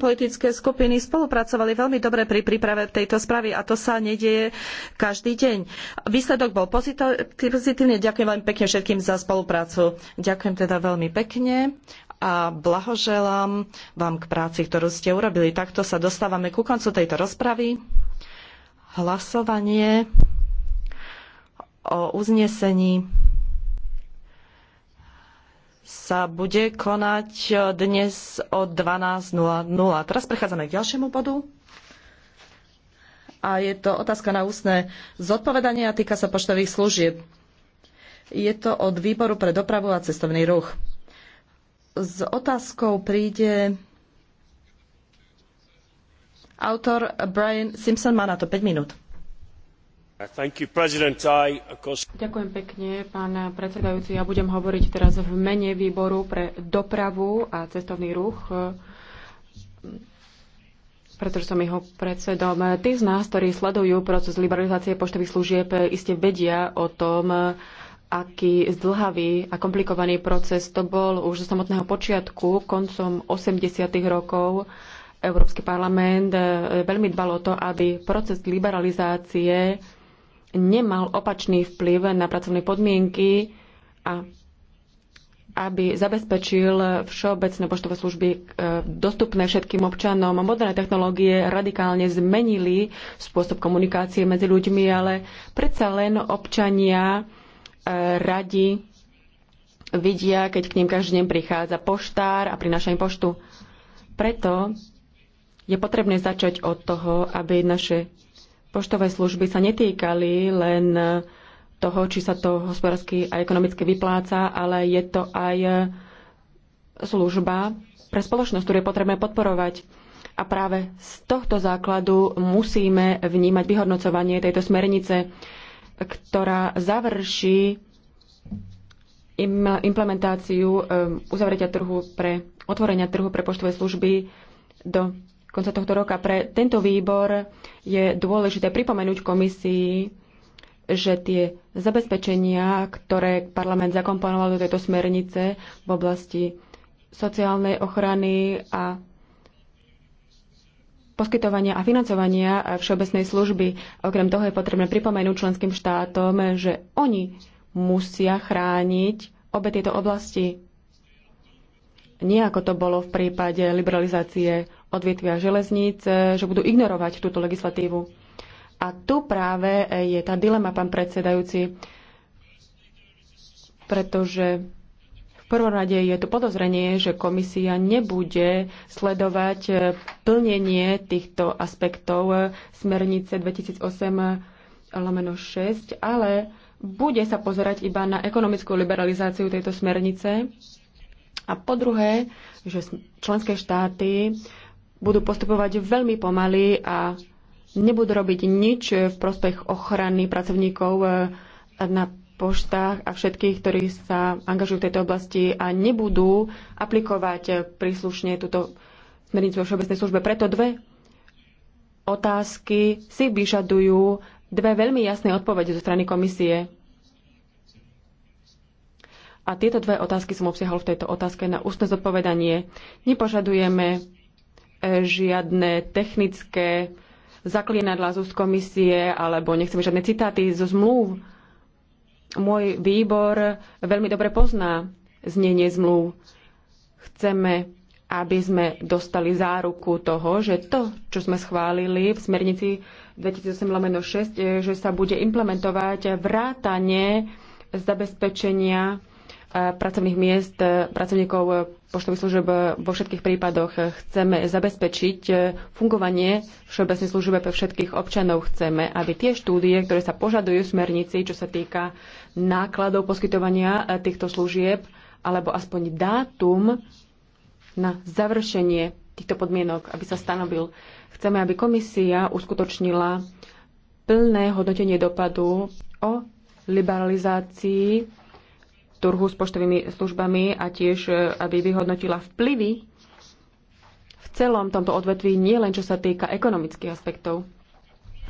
politické skupiny spolupracovali veľmi dobre pri príprave tejto správy a to sa nedieje každý deň. Výsledok bol pozitívny. Ďakujem veľmi pekne všetkým za spoluprácu. Ďakujem teda veľmi pekne a blahoželám vám k práci, ktorú ste urobili. Takto sa dostávame ku koncu tejto rozpravy. Hlasovanie o uznesení sa bude konať e, dnes o 12.00. Teraz prechádzame k ďalšiemu bodu. A je to otázka na ústne zodpovedanie a týka sa poštových služieb. Je to od výboru pre dopravu a cestovný ruch. S otázkou príde autor Brian Simpson, má na to 5 minút. Ďakujem pekne, pán Ja budem hovoriť teraz v mene výboru pre dopravu a cestovný ruch, pretože som jeho predsedom. Tí z nás, ktorí sledujú proces liberalizácie poštových služieb, iste vedia o tom, aký zdlhavý a komplikovaný proces to bol už zo samotného počiatku, koncom 80. rokov. Európsky parlament veľmi dbal o to, aby proces liberalizácie nemal opačný vplyv na pracovné podmienky a aby zabezpečil všeobecné poštové služby e, dostupné všetkým občanom. Moderné technológie radikálne zmenili spôsob komunikácie medzi ľuďmi, ale predsa len občania e, radi vidia, keď k ním každý deň prichádza poštár a prináša im poštu. Preto je potrebné začať od toho, aby naše poštové služby sa netýkali len toho, či sa to hospodársky a ekonomicky vypláca, ale je to aj služba pre spoločnosť, ktorú je potrebné podporovať. A práve z tohto základu musíme vnímať vyhodnocovanie tejto smernice, ktorá završí implementáciu um, uzavretia trhu pre otvorenia trhu pre poštové služby do konca tohto roka. Pre tento výbor je dôležité pripomenúť komisii, že tie zabezpečenia, ktoré parlament zakomponoval do tejto smernice v oblasti sociálnej ochrany a poskytovania a financovania všeobecnej služby. Okrem toho je potrebné pripomenúť členským štátom, že oni musia chrániť obe tieto oblasti nie ako to bolo v prípade liberalizácie odvietvia železníc, e, že budú ignorovať túto legislatívu. A tu práve e, je tá dilema, pán predsedajúci, pretože v prvom rade je tu podozrenie, že komisia nebude sledovať e, plnenie týchto aspektov smernice 2008 6, ale bude sa pozerať iba na ekonomickú liberalizáciu tejto smernice a po druhé, že členské štáty budú postupovať veľmi pomaly a nebudú robiť nič v prospech ochrany pracovníkov e, na poštách a všetkých, ktorí sa angažujú v tejto oblasti a nebudú aplikovať príslušne túto smernicu o všeobecnej službe. Preto dve otázky si vyžadujú dve veľmi jasné odpovede zo strany komisie. A tieto dve otázky som obsiahol v tejto otázke na ústne zodpovedanie. Nepožadujeme e, žiadne technické zaklienadla z úst komisie alebo nechceme žiadne citáty zo zmluv. Môj výbor veľmi dobre pozná znenie zmluv. Chceme, aby sme dostali záruku toho, že to, čo sme schválili v smernici 2008-6, e, že sa bude implementovať vrátanie zabezpečenia pracovných miest e, pracovníkov e, poštových služieb e, vo všetkých prípadoch. Chceme zabezpečiť fungovanie všeobecnej služby pre všetkých občanov. Chceme, aby tie štúdie, ktoré sa požadujú v smernici, čo sa týka nákladov poskytovania týchto služieb, alebo aspoň dátum na završenie týchto podmienok, aby sa stanovil. Chceme, aby komisia uskutočnila plné hodnotenie dopadu o liberalizácii trhu s poštovými službami a tiež, e, aby vyhodnotila vplyvy v celom tomto odvetví, nielen čo sa týka ekonomických aspektov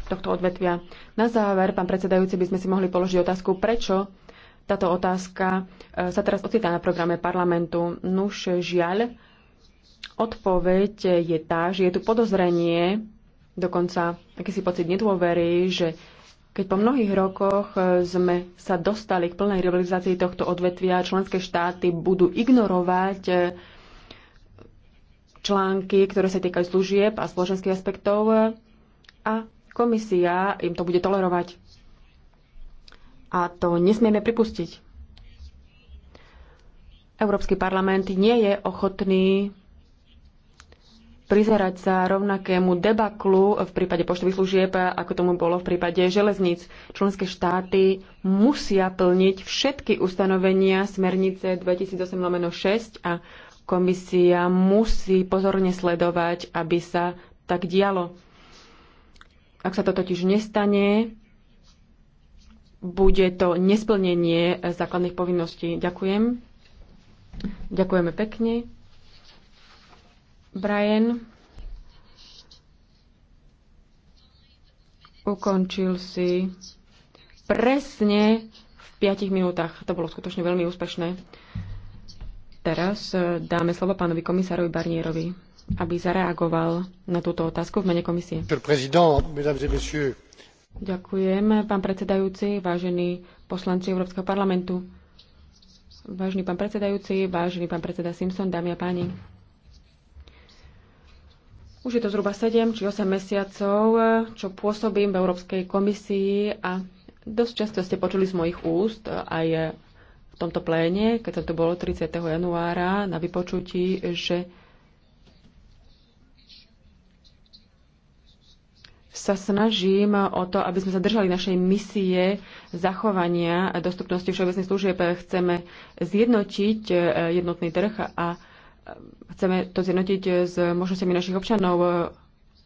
tohto odvetvia. Na záver, pán predsedajúci, by sme si mohli položiť otázku, prečo táto otázka e, sa teraz ocitá na programe parlamentu. Nuž žiaľ, odpoveď je tá, že je tu podozrenie, dokonca akýsi pocit nedôvery, že keď po mnohých rokoch e, sme sa dostali k plnej realizácii tohto odvetvia, členské štáty budú ignorovať e, články, ktoré sa týkajú služieb a spoločenských aspektov e, a komisia im to bude tolerovať. A to nesmieme pripustiť. Európsky parlament nie je ochotný prizerať sa rovnakému debaklu v prípade poštových služieb, ako tomu bolo v prípade železníc. Členské štáty musia plniť všetky ustanovenia smernice 2008-6 a komisia musí pozorne sledovať, aby sa tak dialo. Ak sa to totiž nestane, bude to nesplnenie základných povinností. Ďakujem. Ďakujeme pekne. Brian ukončil si presne v 5 minútach. To bolo skutočne veľmi úspešné. Teraz e, dáme slovo pánovi komisárovi Barnierovi, aby zareagoval na túto otázku v mene komisie. Ďakujem, pán predsedajúci, vážení poslanci Európskeho parlamentu. Vážený pán predsedajúci, vážený pán predseda Simpson, dámy a páni. Už je to zhruba 7 či 8 mesiacov, čo pôsobím v Európskej komisii a dosť často ste počuli z mojich úst aj v tomto pléne, keď to bolo 30. januára na vypočutí, že sa snažím o to, aby sme zadržali našej misie zachovania dostupnosti všeobecných služieb. Chceme zjednotiť eh, jednotný trh a Chceme to zjednotiť s možnosťami našich občanov.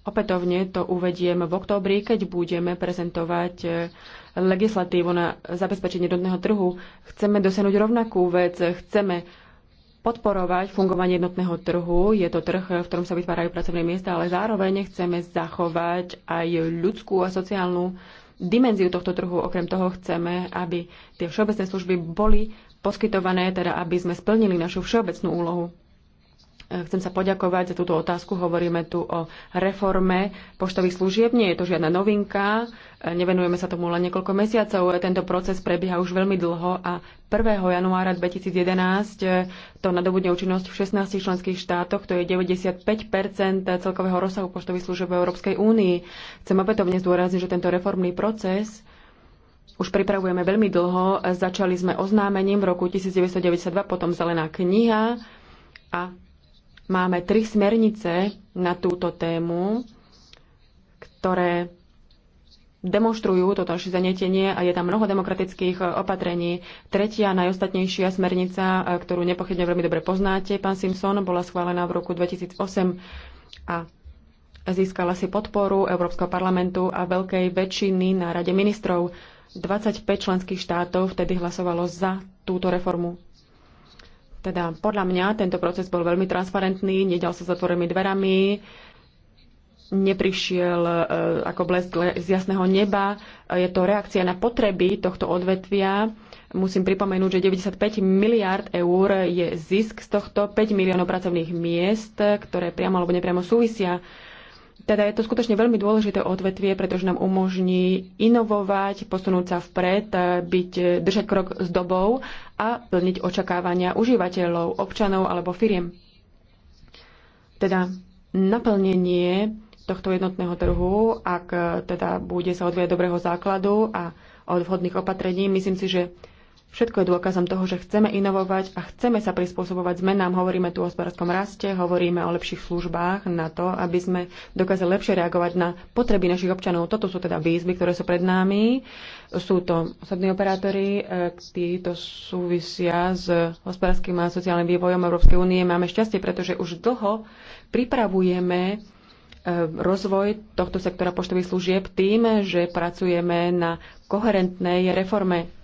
Opätovne to uvediem v októbri, keď budeme prezentovať e, legislatívu na zabezpečenie jednotného trhu. Chceme dosiahnuť rovnakú vec. Chceme podporovať fungovanie jednotného trhu. Je to trh, v ktorom sa vytvárajú pracovné miesta, ale zároveň chceme zachovať aj ľudskú a sociálnu dimenziu tohto trhu. Okrem toho chceme, aby tie všeobecné služby boli poskytované, teda aby sme splnili našu všeobecnú úlohu. E, chcem sa poďakovať za túto otázku. Hovoríme tu o reforme poštových služieb. Nie je to žiadna novinka. E, nevenujeme sa tomu len niekoľko mesiacov. E, tento proces prebieha už veľmi dlho a 1. januára 2011 to nadobudne účinnosť v 16 členských štátoch. To je 95 celkového rozsahu poštových služieb v Európskej únii. Chcem opätovne zdôrazniť, že tento reformný proces už pripravujeme veľmi dlho. Začali sme oznámením v roku 1992, potom zelená kniha a Máme tri smernice na túto tému, ktoré demonstrujú toto zanietenie a je tam mnoho demokratických e, opatrení. Tretia najostatnejšia smernica, e, ktorú nepochybne veľmi dobre poznáte, pán Simpson, bola schválená v roku 2008 a získala si podporu Európskeho parlamentu a veľkej väčšiny na Rade ministrov. 25 členských štátov vtedy hlasovalo za túto reformu teda podľa mňa tento proces bol veľmi transparentný, nedal sa zatvorenými dverami, neprišiel e, ako blesk z jasného neba. Je to reakcia na potreby tohto odvetvia. Musím pripomenúť, že 95 miliard eur je zisk z tohto, 5 miliónov pracovných miest, ktoré priamo alebo nepriamo súvisia teda je to skutočne veľmi dôležité odvetvie, pretože nám umožní inovovať, posunúť sa vpred, e, byť, e, držať krok s dobou a plniť očakávania užívateľov, občanov alebo firiem. Teda naplnenie tohto jednotného trhu, ak e, teda bude sa odvieť dobrého základu a od vhodných opatrení, myslím si, že Všetko je dôkazom toho, že chceme inovovať a chceme sa prispôsobovať zmenám. Hovoríme tu o hospodárskom raste, hovoríme o lepších službách na to, aby sme dokázali lepšie reagovať na potreby našich občanov. Toto sú teda výzvy, ktoré sú pred nami. Sú to osobní operátori, e, títo súvisia s hospodárskym a sociálnym vývojom Európskej únie. Máme šťastie, pretože už dlho pripravujeme e, rozvoj tohto sektora poštových služieb tým, že pracujeme na koherentnej reforme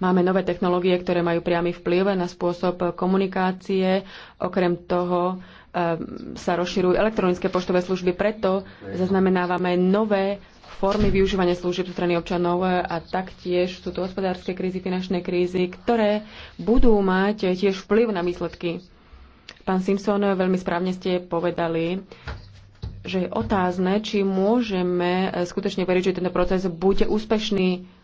Máme nové technológie, ktoré majú priamy vplyv na spôsob komunikácie. Okrem toho ehm, sa rozširujú elektronické poštové služby, preto zaznamenávame nové formy využívania služieb zo strany občanov a taktiež sú to hospodárske krízy, finančné krízy, ktoré budú mať tiež vplyv na výsledky. Pán Simpson, veľmi správne ste povedali, že je otázne, či môžeme e, skutočne veriť, že tento proces bude úspešný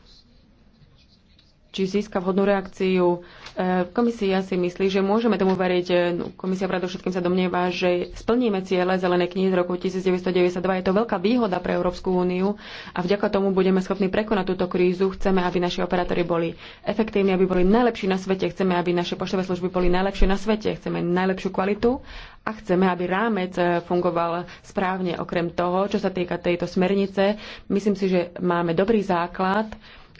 či získa vhodnú reakciu. E, komisia si myslí, že môžeme tomu veriť. E, no, komisia predovšetkým sa domnieva, že splníme ciele Zelenej knihy z roku 1992. Je to veľká výhoda pre Európsku úniu a vďaka tomu budeme schopní prekonať túto krízu. Chceme, aby naši operátori boli efektívni, aby boli najlepší na svete. Chceme, aby naše poštové služby boli najlepšie na svete. Chceme najlepšiu kvalitu a chceme, aby rámec e, fungoval správne. Okrem toho, čo sa týka tejto smernice, myslím si, že máme dobrý základ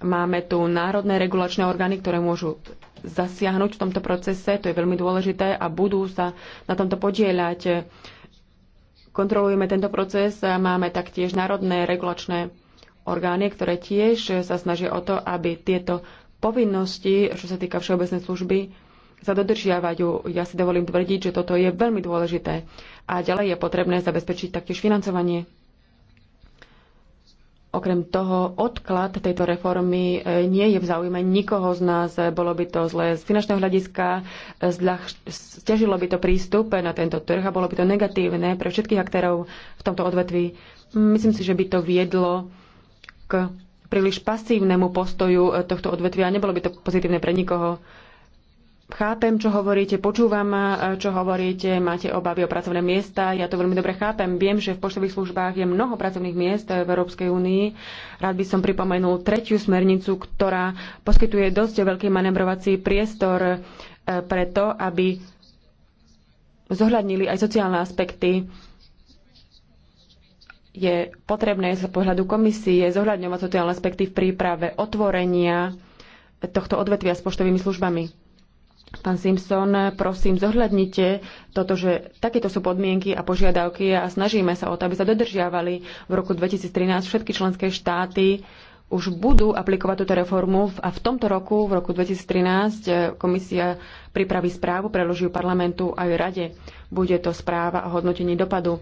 Máme tu národné regulačné orgány, ktoré môžu zasiahnuť v tomto procese, to je veľmi dôležité a budú sa na tomto podieľať. Kontrolujeme tento proces a máme taktiež národné regulačné orgány, ktoré tiež sa snažia o to, aby tieto povinnosti, čo sa týka všeobecnej služby, sa dodržiavajú. Ja si dovolím tvrdiť, že toto je veľmi dôležité. A ďalej je potrebné zabezpečiť taktiež financovanie. Okrem toho, odklad tejto reformy e, nie je v záujme nikoho z nás. Bolo by to zlé z finančného hľadiska, e, stiažilo by to prístup na tento trh a bolo by to negatívne pre všetkých aktérov v tomto odvetví. Myslím si, že by to viedlo k príliš pasívnemu postoju e, tohto odvetvia a nebolo by to pozitívne pre nikoho. Chápem, čo hovoríte, počúvam, e, čo hovoríte, máte obavy o pracovné miesta, ja to veľmi dobre chápem. Viem, že v poštových službách je mnoho pracovných miest v Európskej únii. Rád by som pripomenul tretiu smernicu, ktorá poskytuje dosť veľký manevrovací priestor e, preto, aby zohľadnili aj sociálne aspekty je potrebné z pohľadu komisie zohľadňovať sociálne aspekty v príprave otvorenia tohto odvetvia s poštovými službami. Pán Simpson, prosím, zohľadnite toto, že takéto sú podmienky a požiadavky a snažíme sa o to, aby sa dodržiavali. V roku 2013 všetky členské štáty už budú aplikovať túto reformu a v tomto roku, v roku 2013, komisia pripraví správu, preloží ju parlamentu aj rade. Bude to správa o hodnotení dopadu.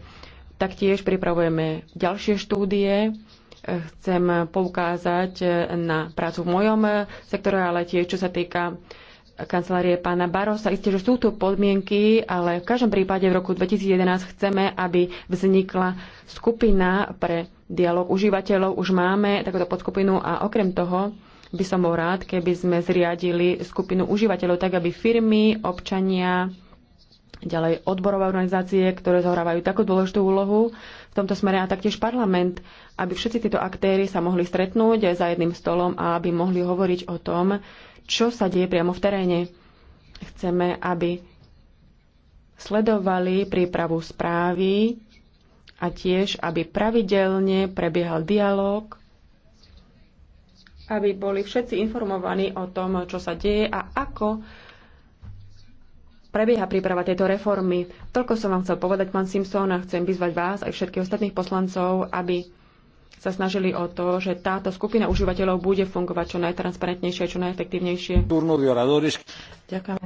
Taktiež pripravujeme ďalšie štúdie. Chcem poukázať na prácu v mojom sektore, ale tiež čo sa týka kancelárie pána Barosa. Isté, že sú tu podmienky, ale v každom prípade v roku 2011 chceme, aby vznikla skupina pre dialog užívateľov. Už máme takúto podskupinu a okrem toho by som bol rád, keby sme zriadili skupinu užívateľov tak, aby firmy, občania, ďalej odborové organizácie, ktoré zohrávajú takú dôležitú úlohu v tomto smere a taktiež parlament, aby všetci títo aktéry sa mohli stretnúť za jedným stolom a aby mohli hovoriť o tom, čo sa deje priamo v teréne. Chceme, aby sledovali prípravu správy a tiež, aby pravidelne prebiehal dialog, aby boli všetci informovaní o tom, čo sa deje a ako prebieha príprava tejto reformy. Toľko som vám chcel povedať, pán Simpson, a chcem vyzvať vás aj všetkých ostatných poslancov, aby sa snažili o to, že táto skupina užívateľov bude fungovať čo najtransparentnejšie a čo najefektívnejšie. Ďakujem.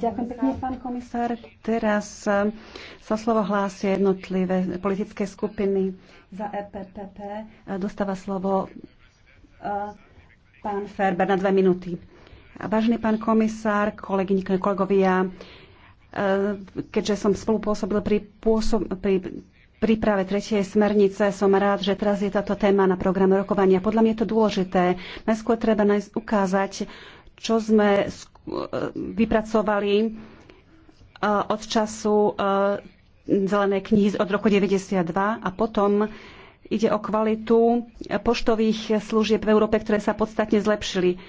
Ďakujem pekne, pán komisár. Teraz eh, sa slovo hlásia jednotlivé politické skupiny za EPPP. Eh, dostáva slovo eh, pán Ferber na dve minúty. Vážený pán komisár, kolegyni, kolegovia, keďže som spolupôsobil pri, pôsob, pri príprave tretej smernice som rád, že teraz je táto téma na program rokovania. Podľa mňa je to dôležité. Najskôr treba ukázať, čo sme vypracovali e, od času e, zelenej knihy od roku 92 a potom ide o kvalitu poštových služieb v Európe, ktoré sa podstatne zlepšili.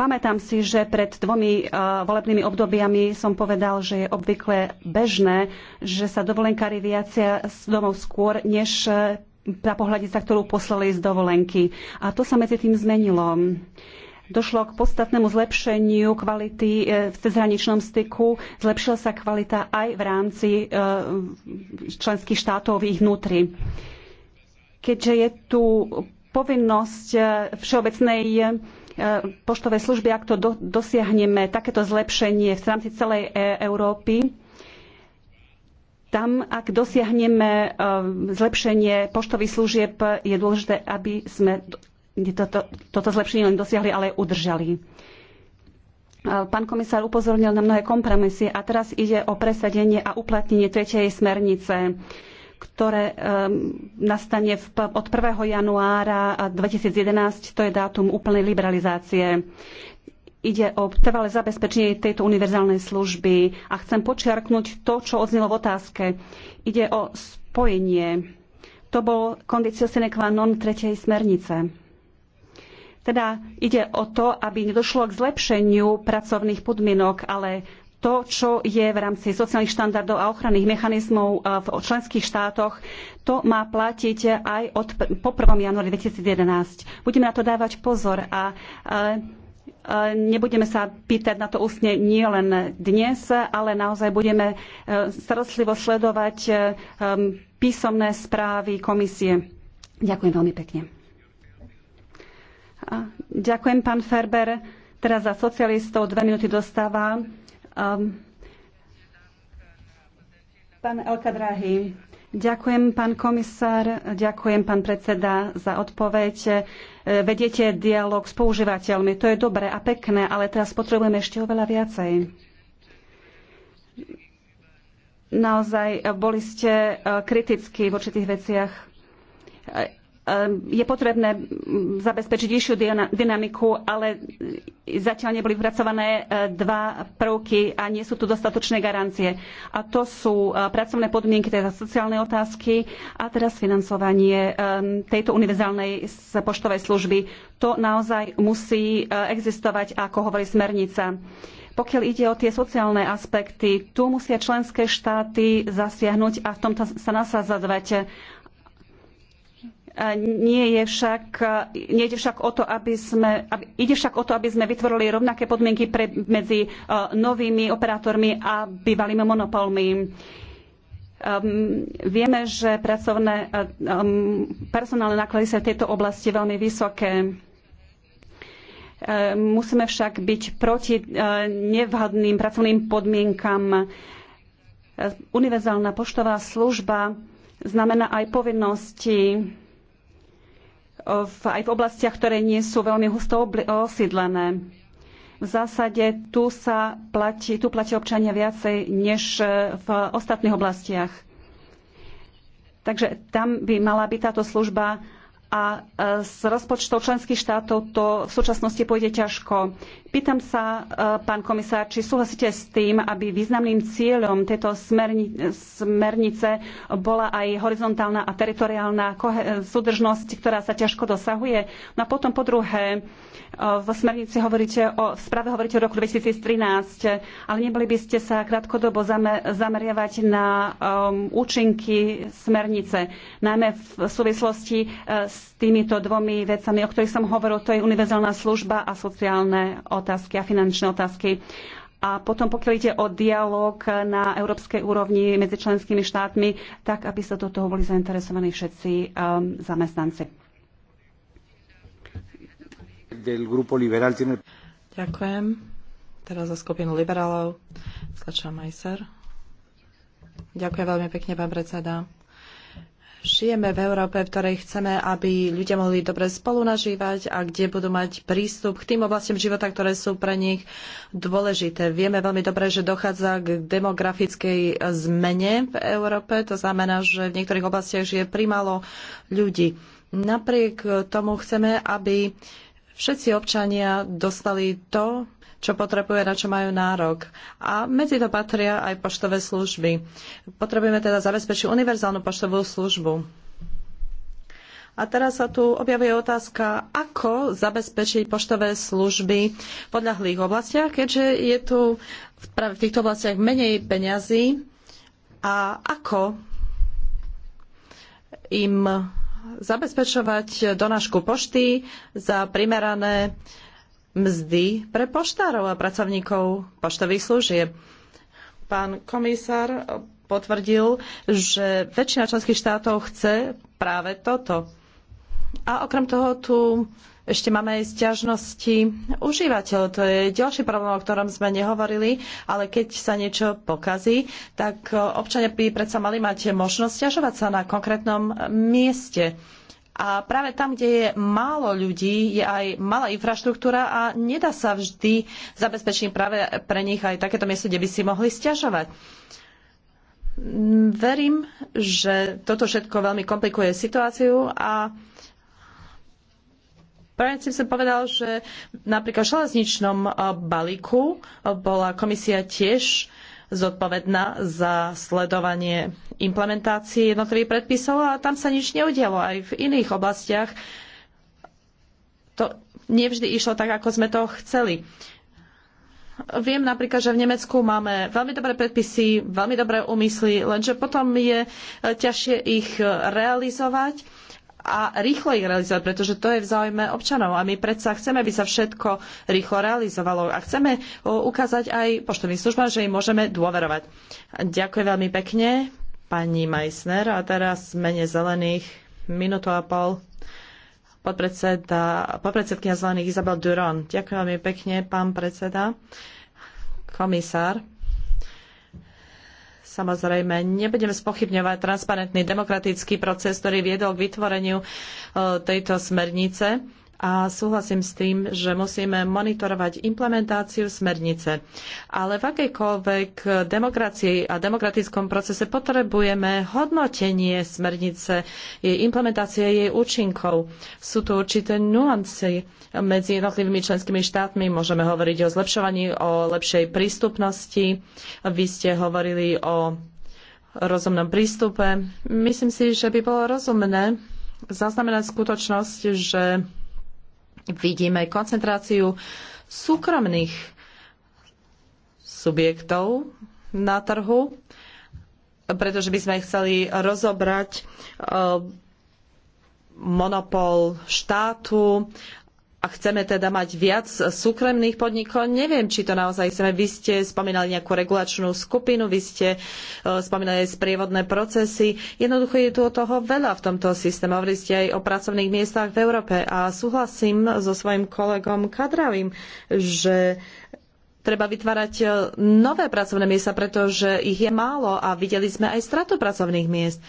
Pamätám si, že pred dvomi e, volebnými obdobiami som povedal, že je obvykle bežné, že sa dovolenkári viacia z domov skôr, než e, tá pohľadica, ktorú poslali z dovolenky. A to sa medzi tým zmenilo došlo k podstatnému zlepšeniu kvality e, v cezhraničnom styku. Zlepšila sa kvalita aj v rámci členských štátov v ich vnútri. Keďže je tu povinnosť všeobecnej E, poštovej služby, ak to do, dosiahneme takéto zlepšenie v rámci celej e, Európy, tam, ak dosiahneme e, zlepšenie poštových služieb, je dôležité, aby sme toto, toto zlepšenie len dosiahli, ale aj udržali. Pán komisár upozornil na mnohé kompromisy a teraz ide o presadenie a uplatnenie tretej smernice ktoré ehm, nastane od 1. januára 2011, to je dátum úplnej liberalizácie. Ide o trvalé zabezpečenie tejto univerzálnej služby a chcem počiarknúť to, čo odznelo v otázke. Ide o spojenie. To bol kondicio sine qua non tretej smernice. Teda ide o to, aby nedošlo k zlepšeniu pracovných podmienok, ale to, čo je v rámci sociálnych štandardov a ochranných mechanizmov eh, v členských štátoch, to má platiť aj od, po 1. januári 2011. Budeme na to dávať pozor a eh, eh, nebudeme sa pýtať na to ústne nie len dnes, ale naozaj budeme starostlivo sledovať písomné správy komisie. Ďakujem veľmi pekne. Ďakujem, pán Ferber. Teraz za socialistov dve minúty dostáva Um, pán Elkadrahy, ďakujem pán komisár, ďakujem pán predseda za odpoveď. E, vediete dialog s používateľmi, to je dobré a pekné, ale teraz potrebujeme ešte oveľa viacej. Naozaj e, boli ste e, kritickí v určitých veciach Ehm, je potrebné zabezpečiť vyššiu dynamiku, ale zatiaľ neboli vypracované eh, dva prvky a nie sú tu dostatočné garancie. A to sú eh, pracovné podmienky, teda sociálne otázky a teraz financovanie ehm, tejto univerzálnej poštovej služby. To naozaj musí eh, existovať, ako hovorí smernica. Pokiaľ ide o tie sociálne aspekty, tu musia členské štáty zasiahnuť a v tom sa nasazadovať nie je však, nie ide však o to, aby sme, aby, ide však o to, aby sme vytvorili rovnaké podmienky pre, medzi uh, novými operátormi a bývalými monopolmi. Um, vieme, že pracovné, um, personálne náklady sa v tejto oblasti veľmi vysoké. Um, musíme však byť proti uh, nevhodným pracovným podmienkam. univerzálna poštová služba znamená aj povinnosti v, aj v oblastiach, ktoré nie sú veľmi husto osídlené. V zásade tu sa platí, tu platí občania viacej než e, v ostatných oblastiach. Takže tam by mala byť táto služba a e, z rozpočtov členských štátov to v súčasnosti pôjde ťažko. Pýtam sa, e, pán komisár, či súhlasíte s tým, aby významným cieľom tejto smerni smernice bola aj horizontálna a teritoriálna súdržnosť, ktorá sa ťažko dosahuje. No a potom po druhé, e, v smernici hovoríte o, v správe hovoríte o roku 2013, ale neboli by ste sa krátkodobo zameriavať na um, účinky smernice, najmä v súvislosti e, s týmito dvomi vecami, o ktorých som hovoril, to je univerzálna služba a sociálne otázky a finančné otázky. A potom, pokiaľ ide o dialog na európskej úrovni medzi členskými štátmi, tak aby sa do toho boli zainteresovaní všetci um, zamestnanci. Del grupo liberal, tiene... Ďakujem. Teraz za skupinu liberálov. Skača Majser. Ďakujem veľmi pekne, pán predseda žijeme v Európe, v ktorej chceme, aby ľudia mohli dobre spolunažívať a kde budú mať prístup k tým oblastiam života, ktoré sú pre nich dôležité. Vieme veľmi dobre, že dochádza k demografickej zmene v Európe. To znamená, že v niektorých oblastiach žije primalo ľudí. Napriek tomu chceme, aby všetci občania dostali to, čo potrebuje, na čo majú nárok. A medzi to patria aj poštové služby. Potrebujeme teda zabezpečiť univerzálnu poštovú službu. A teraz sa tu objavuje otázka, ako zabezpečiť poštové služby v podľahlých oblastiach, keďže je tu práve v týchto oblastiach menej peňazí a ako im zabezpečovať donášku pošty za primerané mzdy pre poštárov a pracovníkov poštových služieb. Pán komisár potvrdil, že väčšina členských štátov chce práve toto. A okrem toho tu ešte máme aj stiažnosti užívateľov. To je ďalší problém, o ktorom sme nehovorili, ale keď sa niečo pokazí, tak občania by predsa mali mať možnosť stiažovať sa na konkrétnom mieste. A práve tam, kde je málo ľudí, je aj malá infraštruktúra a nedá sa vždy zabezpečiť práve pre nich aj takéto miesto, kde by si mohli stiažovať. Verím, že toto všetko veľmi komplikuje situáciu a Brian som povedal, že napríklad v železničnom eh, balíku eh, bola komisia tiež zodpovedná za sledovanie implementácie jednotlivých predpisov a tam sa nič neudialo. Aj v iných oblastiach to nevždy išlo tak, ako sme to chceli. Viem napríklad, že v Nemecku máme veľmi dobré predpisy, veľmi dobré úmysly, lenže potom je ťažšie ich realizovať a rýchlo ich realizovať, pretože to je v záujme občanov. A my predsa chceme, aby sa všetko rýchlo realizovalo a chceme ukázať aj poštovným službám, že im môžeme dôverovať. Ďakujem veľmi pekne, pani Meissner. A teraz mene zelených minútu a pol podpredsedkynia zelených Izabel Duron. Ďakujem veľmi pekne, pán predseda, komisár. Samozrejme, nebudeme spochybňovať transparentný demokratický proces, ktorý viedol k vytvoreniu e, tejto smernice a súhlasím s tým, že musíme monitorovať implementáciu smernice. Ale v akejkoľvek demokracii a demokratickom procese potrebujeme hodnotenie smernice, jej implementácie, jej účinkov. Sú tu určité nuancy medzi jednotlivými členskými štátmi. Môžeme hovoriť o zlepšovaní, o lepšej prístupnosti. Vy ste hovorili o rozumnom prístupe. Myslím si, že by bolo rozumné zaznamenať skutočnosť, že vidíme koncentráciu súkromných subjektov na trhu, pretože by sme chceli rozobrať eh, monopol štátu a chceme teda mať viac súkromných podnikov. Neviem, či to naozaj chceme. Vy ste spomínali nejakú regulačnú skupinu, vy ste e, spomínali aj sprievodné procesy. Jednoducho je tu o toho veľa v tomto systéme. Hovorili ste aj o pracovných miestach v Európe a súhlasím so svojím kolegom Kadravým, že treba vytvárať e, nové pracovné miesta, pretože ich je málo a videli sme aj stratu pracovných miest.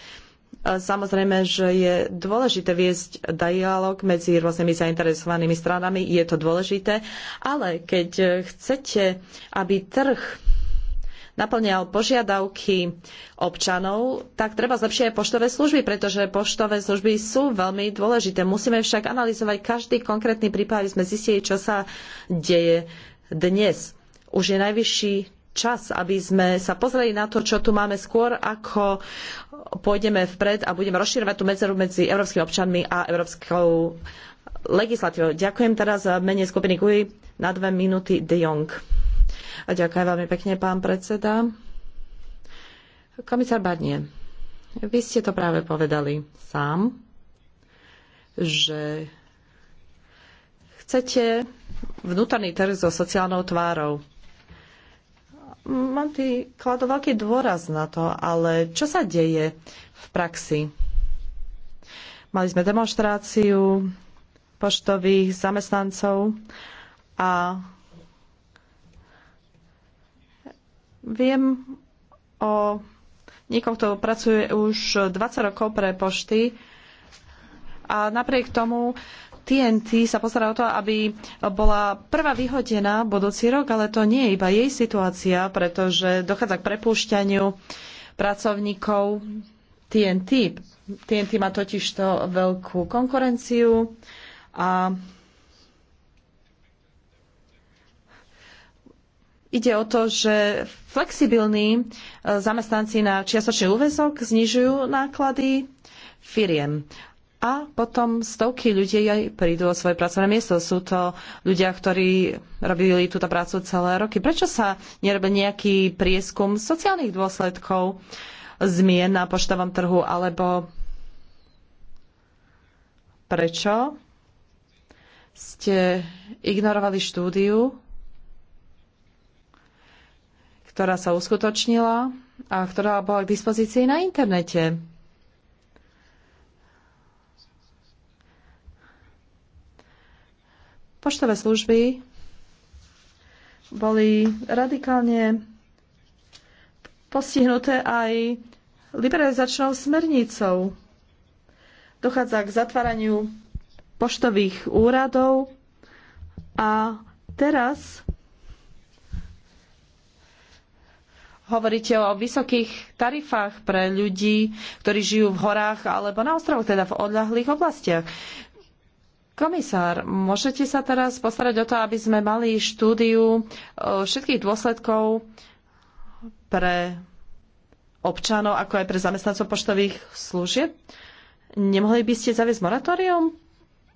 Samozrejme, že je dôležité viesť dialog medzi rôznymi zainteresovanými stranami, je to dôležité, ale keď chcete, aby trh naplňal požiadavky občanov, tak treba zlepšiť aj poštové služby, pretože poštové služby sú veľmi dôležité. Musíme však analyzovať každý konkrétny prípad, aby sme zistili, čo sa deje dnes. Už je najvyšší čas, aby sme sa pozreli na to, čo tu máme skôr, ako pôjdeme vpred a budeme rozširovať tú medzeru medzi európskymi občanmi a európskou legislatívou. Ďakujem teraz v mene skupiny GUI na dve minúty De Jong. A ďakujem veľmi pekne, pán predseda. Komisár Barnier, vy ste to práve povedali sám, že chcete vnútorný trh so sociálnou tvárou Manty kladol veľký dôraz na to, ale čo sa deje v praxi? Mali sme demonstráciu poštových zamestnancov a viem o niekom, kto pracuje už 20 rokov pre pošty a napriek tomu TNT sa postará o to, aby bola prvá vyhodená budúci rok, ale to nie je iba jej situácia, pretože dochádza k prepúšťaniu pracovníkov TNT. TNT má totižto veľkú konkurenciu a Ide o to, že flexibilní e, zamestnanci na čiastočný úvezok znižujú náklady firiem a potom stovky ľudí aj prídu o svoje pracovné miesto. Sú to ľudia, ktorí robili túto prácu celé roky. Prečo sa nerobí nejaký prieskum sociálnych dôsledkov zmien na poštovom trhu, alebo prečo ste ignorovali štúdiu, ktorá sa uskutočnila a ktorá bola k dispozícii na internete? Poštové služby boli radikálne postihnuté aj liberalizačnou smernicou. Dochádza k zatváraniu poštových úradov a teraz hovoríte o vysokých tarifách pre ľudí, ktorí žijú v horách alebo na ostrovoch, teda v odľahlých oblastiach. Komisár, môžete sa teraz postarať o to, aby sme mali štúdiu e, všetkých dôsledkov pre občanov, ako aj pre zamestnancov poštových služieb? Nemohli by ste zaviesť moratórium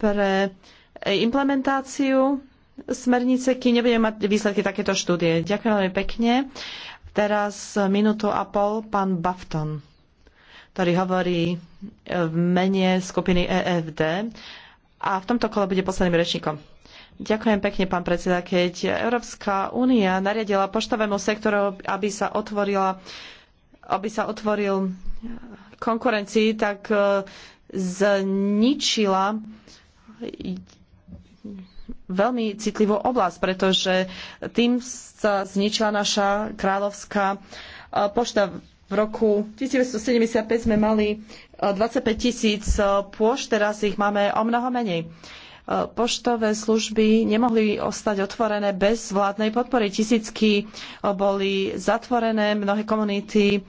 pre implementáciu smernice, kým nebudeme mať výsledky takéto štúdie? Ďakujem veľmi pekne. Teraz minútu a pol pán Bafton, ktorý hovorí v mene skupiny EFD a v tomto kole bude posledným rečníkom. Ďakujem pekne, pán predseda. Keď Európska únia nariadila poštovému sektoru, aby sa otvorila aby sa otvoril konkurencii, tak e, zničila veľmi citlivú oblasť, pretože tým sa zničila naša kráľovská e, pošta v roku 1975 sme mali 25 e, tisíc e, pôž, teraz ich máme o mnoho menej. E, poštové služby nemohli ostať otvorené bez vládnej podpory. Tisícky boli zatvorené, mnohé komunity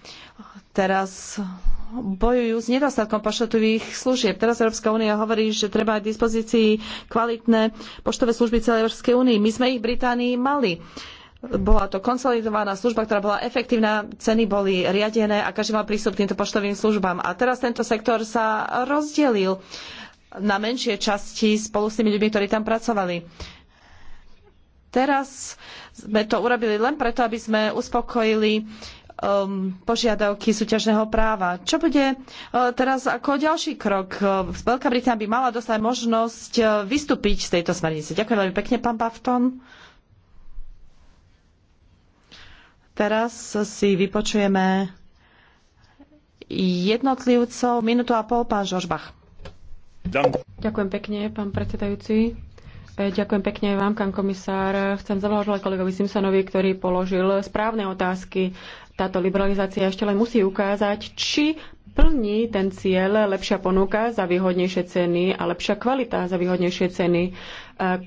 teraz bojujú s nedostatkom poštových služieb. Teraz Európska únia hovorí, že treba aj k dispozícii kvalitné poštové služby celej Európskej únii. My sme ich v Británii mali bola to konsolidovaná služba, ktorá bola efektívna, ceny boli riadené a každý mal prístup k týmto poštovým službám. A teraz tento sektor sa rozdelil na menšie časti spolu s tými ľuďmi, ktorí tam pracovali. Teraz sme to urobili len preto, aby sme uspokojili um, požiadavky súťažného práva. Čo bude uh, teraz ako ďalší krok? Uh, Veľká Británia by mala dostať možnosť uh, vystúpiť z tejto smernice. Ďakujem veľmi pekne, pán Bafton. Teraz si vypočujeme jednotlivcov. Minútu a pol, pán Žoržbach. Ďakujem pekne, pán predsedajúci. E, ďakujem pekne vám, pán komisár. Chcem zavolať kolegovi Simpsonovi, ktorý položil správne otázky. Táto liberalizácia ešte len musí ukázať, či plní ten cieľ lepšia ponuka za výhodnejšie ceny a lepšia kvalita za výhodnejšie ceny. E,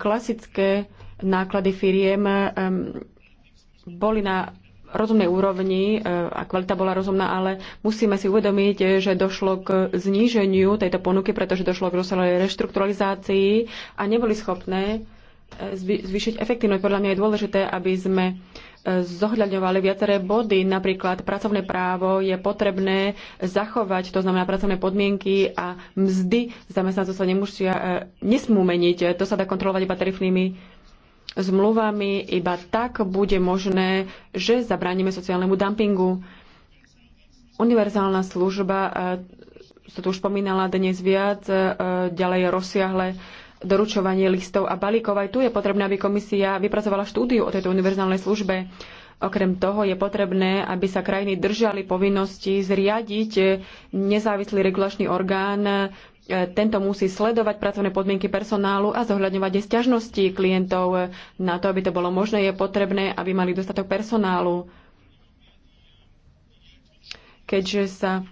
klasické náklady firiem boli na rozumnej úrovni e, a kvalita bola rozumná, ale musíme si uvedomiť, že došlo k zníženiu tejto ponuky, pretože došlo k rozsiahlej reštrukturalizácii a neboli schopné e, zvýšiť efektívnosť. Podľa mňa je dôležité, aby sme e, zohľadňovali viaceré body, napríklad pracovné právo je potrebné zachovať, to znamená pracovné podmienky a mzdy zamestnancov sa nemusia, nesmú meniť. To sa dá kontrolovať iba tarifnými zmluvami, iba tak bude možné, že zabránime sociálnemu dumpingu. Univerzálna služba, e, sa tu už spomínala dnes viac, e, ďalej rozsiahle doručovanie listov a balíkov. Aj tu je potrebné, aby komisia vypracovala štúdiu o tejto univerzálnej službe. Okrem toho je potrebné, aby sa krajiny držali povinnosti zriadiť nezávislý regulačný orgán, E, tento musí sledovať pracovné podmienky personálu a zohľadňovať aj sťažnosti klientov. Na to, aby to bolo možné, je potrebné, aby mali dostatok personálu. Keďže sa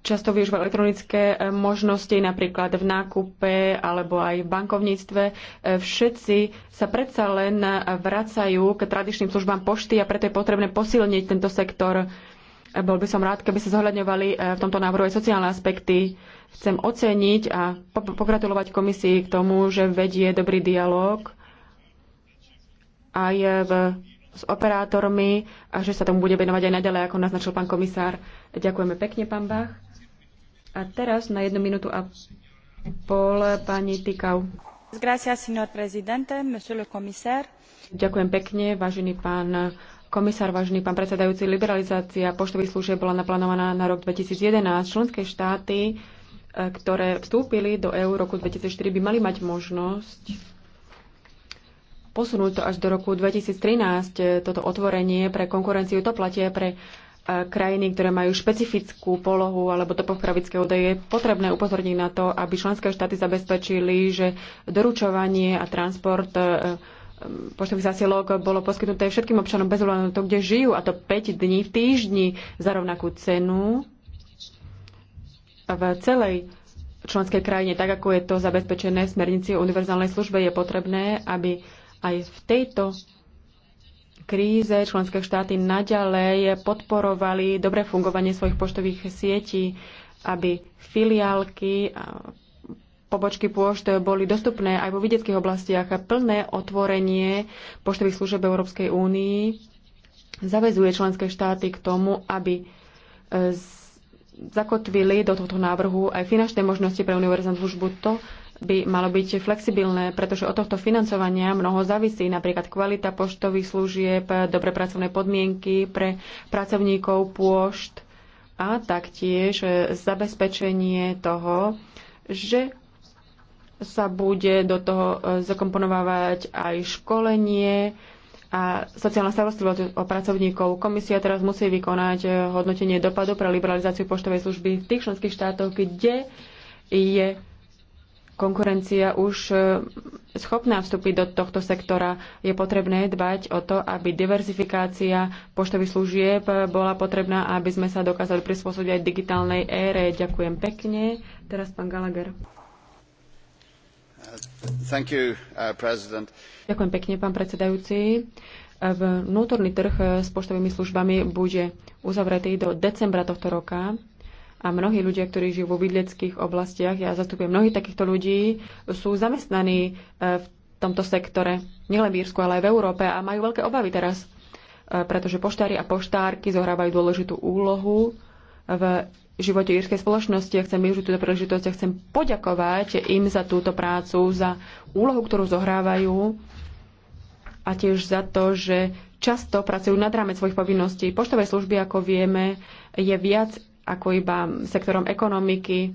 často využívajú elektronické e, možnosti, napríklad v nákupe alebo aj v bankovníctve. E, všetci sa predsa len vracajú k tradičným službám pošty a preto je potrebné posilniť tento sektor. Bol by som rád, keby sa zohľadňovali e, v tomto návrhu aj sociálne aspekty. Chcem oceniť a pogratulovať komisii k tomu, že vedie dobrý dialog aj e, v, s operátormi a že sa tomu bude venovať aj naďalej, ako naznačil pán komisár. Ďakujeme pekne, pán Bach. A teraz na jednu minútu a pol pani Tikau. Gracias, señor presidente, monsieur le commissaire. Ďakujem pekne, vážený pán komisár, vážený pán predsedajúci, liberalizácia poštových služieb bola naplánovaná na rok 2011. Členské štáty, e, ktoré vstúpili do EÚ roku 2004, by mali mať možnosť posunúť to až do roku 2013, e, toto otvorenie pre konkurenciu. To platie pre e, krajiny, ktoré majú špecifickú polohu alebo topografické údaje, je potrebné upozorniť na to, aby členské štáty zabezpečili, že doručovanie a transport poštových zásielok bolo poskytnuté všetkým občanom bez ohľadu na to, kde žijú, a to 5 dní v týždni za rovnakú cenu v celej členskej krajine, tak ako je to zabezpečené v smernici o univerzálnej službe, je potrebné, aby aj v tejto kríze členské štáty naďalej podporovali dobre fungovanie svojich poštových sietí, aby filiálky a pobočky pôšt boli dostupné aj vo vidieckých oblastiach. Plné otvorenie poštových služieb Európskej únii zavezuje členské štáty k tomu, aby e, zakotvili do tohto návrhu aj finančné možnosti pre univerzálnu službu. To by malo byť flexibilné, pretože od tohto financovania mnoho závisí napríklad kvalita poštových služieb, dobre pracovné podmienky pre pracovníkov pôšt a taktiež e, zabezpečenie toho, že sa bude do toho e, zakomponovávať aj školenie a sociálna starostlivosť o pracovníkov. Komisia teraz musí vykonať e, hodnotenie dopadu pre liberalizáciu poštovej služby v tých členských štátoch, kde je konkurencia už e, schopná vstúpiť do tohto sektora. Je potrebné dbať o to, aby diverzifikácia poštových služieb bola potrebná, aby sme sa dokázali prispôsobiť aj digitálnej ére. Ďakujem pekne. Teraz pán Gallagher. Uh, Ďakujem pekne, pán predsedajúci. Vnútorný trh s poštovými službami bude uzavretý do decembra tohto roka a mnohí ľudia, ktorí žijú vo vidleckých oblastiach, ja zastupujem mnohých takýchto ľudí, sú zamestnaní eh, v tomto sektore, nielen v Írsku, ale aj v Európe a majú veľké obavy teraz, eh, pretože poštári a poštárky zohrávajú dôležitú úlohu v živote írskej spoločnosti a chcem využiť túto príležitosť a chcem poďakovať im za túto prácu, za úlohu, ktorú zohrávajú a tiež za to, že často pracujú nad rámec svojich povinností. Poštové služby, ako vieme, je viac ako iba sektorom ekonomiky.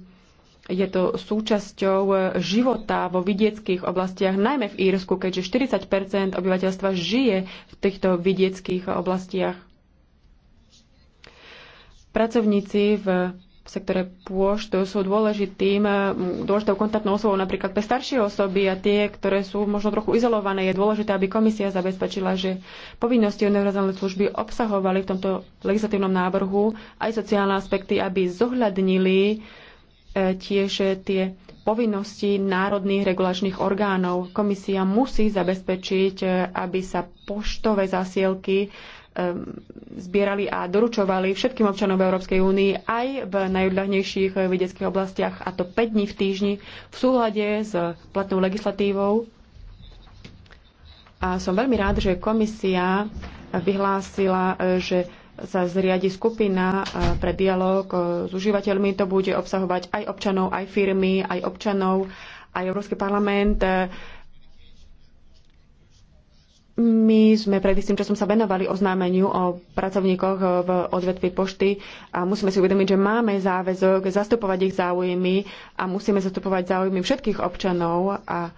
Je to súčasťou života vo vidieckých oblastiach, najmä v Írsku, keďže 40 obyvateľstva žije v týchto vidieckých oblastiach. Pracovníci v v sektore pôšt sú dôležitým, eh, dôležitou kontaktnou osobou napríklad pre staršie osoby a tie, ktoré sú možno trochu izolované. Je dôležité, aby komisia zabezpečila, že povinnosti univerzálnej služby obsahovali v tomto legislatívnom návrhu aj sociálne aspekty, aby zohľadnili eh, tiež tie povinnosti národných regulačných orgánov. Komisia musí zabezpečiť, eh, aby sa poštové zasielky zbierali a doručovali všetkým občanom v Európskej únii aj v najodľahnejších eh, vedeckých oblastiach, a to 5 dní v týždni v súhľade s platnou legislatívou. A som veľmi rád, že komisia vyhlásila, eh, že sa zriadi skupina eh, pre dialog s užívateľmi. To bude obsahovať aj občanov, aj firmy, aj občanov, aj Európsky parlament my sme pred istým časom sa venovali oznámeniu o pracovníkoch eh, v odvetvi pošty a musíme si uvedomiť, že máme záväzok zastupovať ich záujmy a musíme zastupovať záujmy všetkých občanov a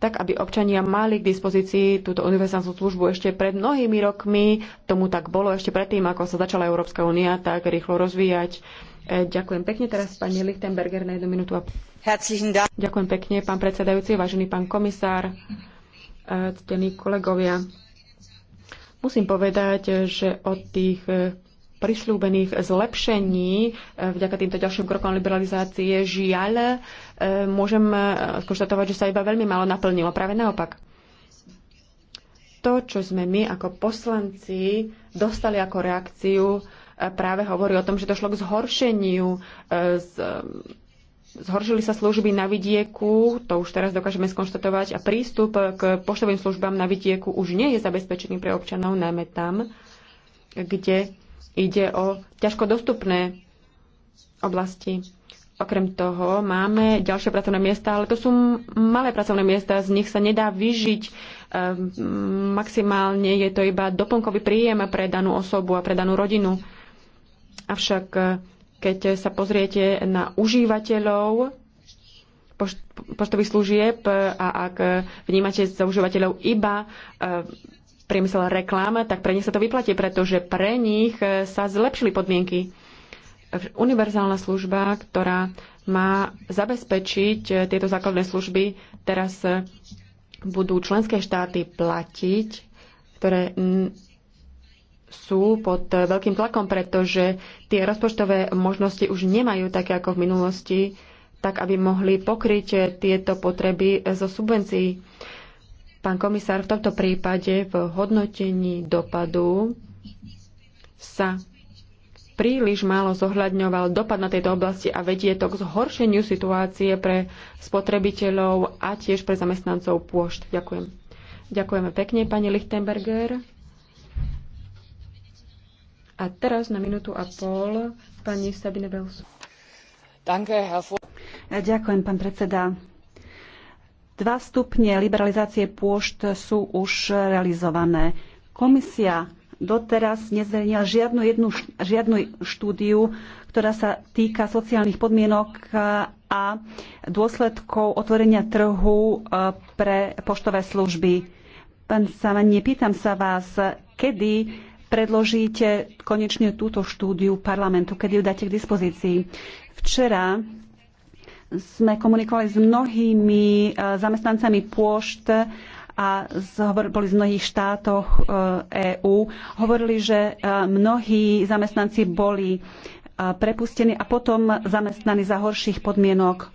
tak, aby občania mali k dispozícii túto univerzálnu službu ešte pred mnohými rokmi. Tomu tak bolo ešte predtým, ako sa začala Európska únia tak rýchlo rozvíjať. Eh, ďakujem pekne teraz pani Lichtenberger na jednu minútu. Ďakujem pekne, pán predsedajúci, vážený pán komisár ctení kolegovia. Musím povedať, že od tých eh, prislúbených zlepšení eh, vďaka týmto ďalším krokom liberalizácie žiaľ eh, môžem skonštatovať, že sa iba veľmi málo naplnilo. Práve naopak. To, čo sme my ako poslanci dostali ako reakciu, práve hovorí o tom, že došlo k zhoršeniu z Zhoršili sa služby na vidieku, to už teraz dokážeme skonštatovať, a prístup k poštovým službám na vidieku už nie je zabezpečený pre občanov, najmä tam, kde ide o ťažko dostupné oblasti. Okrem toho máme ďalšie pracovné miesta, ale to sú malé pracovné miesta, z nich sa nedá vyžiť. Ehm, maximálne je to iba doplnkový príjem pre danú osobu a pre danú rodinu. Avšak keď sa pozriete na užívateľov poštových služieb a ak vnímate za užívateľov iba eh, priemysel reklám, tak pre nich sa to vyplatí, pretože pre nich eh, sa zlepšili podmienky. Univerzálna služba, ktorá má zabezpečiť eh, tieto základné služby, teraz budú členské štáty platiť, ktoré sú pod veľkým tlakom, pretože tie rozpočtové možnosti už nemajú také ako v minulosti, tak aby mohli pokryť tieto potreby zo subvencií. Pán komisár, v tomto prípade v hodnotení dopadu sa príliš málo zohľadňoval dopad na tejto oblasti a vedie to k zhoršeniu situácie pre spotrebiteľov a tiež pre zamestnancov pôšt. Ďakujem. Ďakujeme pekne, pani Lichtenberger. A teraz na minútu a pol pani Sabine Belsu. Ďakujem, pán predseda. Dva stupne liberalizácie pôšt sú už realizované. Komisia doteraz nezverejnila žiadnu, jednu, žiadnu štúdiu, ktorá sa týka sociálnych podmienok a dôsledkov otvorenia trhu e, pre poštové služby. Pán Samanie, pýtam sa vás, kedy predložíte konečne túto štúdiu parlamentu, kedy ju dáte k dispozícii. Včera sme komunikovali s mnohými eh, zamestnancami pôšt a boli z mnohých štátoch EÚ. Eh, e Hovorili, že eh, mnohí zamestnanci boli prepustení a potom zamestnaní za horších podmienok. E,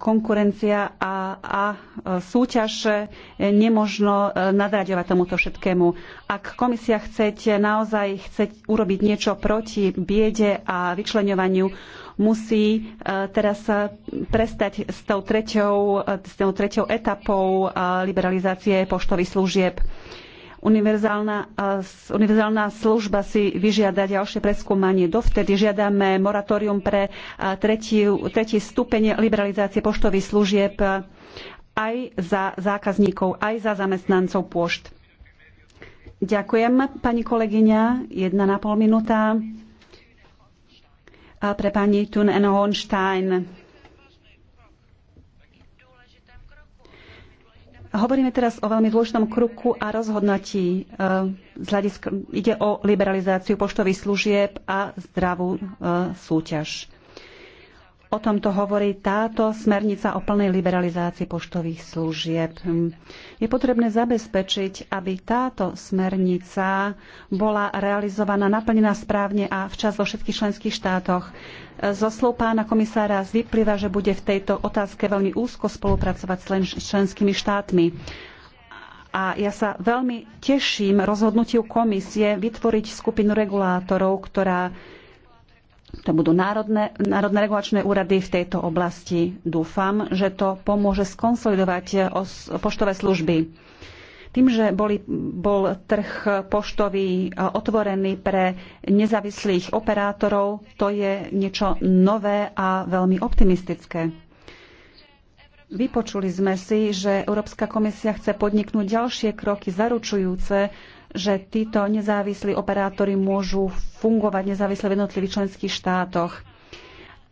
konkurencia a, a e, súťaž nemožno e, nadraďovať tomuto všetkému. Ak komisia chce naozaj chceť urobiť niečo proti biede a vyčleňovaniu, musí teraz prestať s tou treťou, s tou treťou etapou liberalizácie poštových služieb Univerzálna, univerzálna služba si vyžiada ďalšie preskúmanie. Dovtedy žiadame moratórium pre tretí, tretí stupeň liberalizácie poštových služieb aj za zákazníkov, aj za zamestnancov pošt. Ďakujem, pani kolegyňa. Jedna na pol minúta. Pre pani Thun Honstein. Hovoríme teraz o veľmi dôležitom kruku a rozhodnatí. E, z hľadiska, ide o liberalizáciu poštových služieb a zdravú e, súťaž. O tomto hovorí táto smernica o plnej liberalizácii poštových služieb. Je potrebné zabezpečiť, aby táto smernica bola realizovaná, naplnená správne a včas vo všetkých členských štátoch. Zo slov pána komisára vyplýva, že bude v tejto otázke veľmi úzko spolupracovať s členskými štátmi. A ja sa veľmi teším rozhodnutiu komisie vytvoriť skupinu regulátorov, ktorá to budú národné, národné regulačné úrady v tejto oblasti. Dúfam, že to pomôže skonsolidovať poštové služby. Tým, že boli, bol trh poštový e, otvorený pre nezávislých operátorov, to je niečo nové a veľmi optimistické. Vypočuli sme si, že Európska komisia chce podniknúť ďalšie kroky zaručujúce, že títo nezávislí operátori môžu fungovať nezávisle v jednotlivých členských štátoch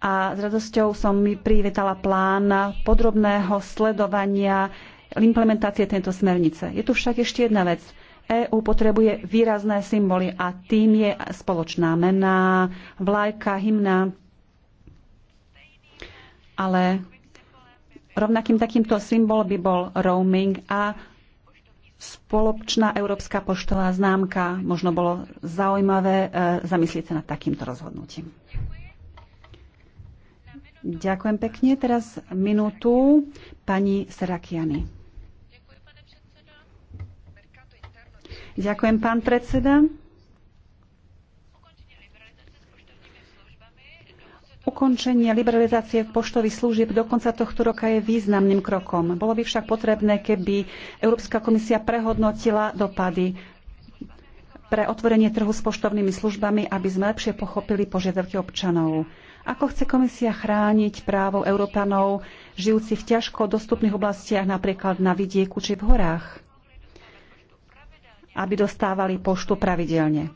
a s radosťou som mi privítala plán podrobného sledovania implementácie tejto smernice. Je tu však ešte jedna vec. EÚ potrebuje výrazné symboly a tým je spoločná mena, vlajka, hymna. Ale rovnakým takýmto symbol by bol roaming a spoločná európska poštová známka. Možno bolo zaujímavé e, zamyslieť sa nad takýmto rozhodnutím. Ďakujem pekne. Teraz minútu pani Serakiany. Ďakujem, pán predseda. Ukončenie liberalizácie poštových služieb do konca tohto roka je významným krokom. Bolo by však potrebné, keby Európska komisia prehodnotila dopady pre otvorenie trhu s poštovnými službami, aby sme lepšie pochopili požiadavky občanov. Ako chce komisia chrániť právo Európanov žijúcich v ťažko dostupných oblastiach, napríklad na vidieku či v horách? aby dostávali poštu pravidelne.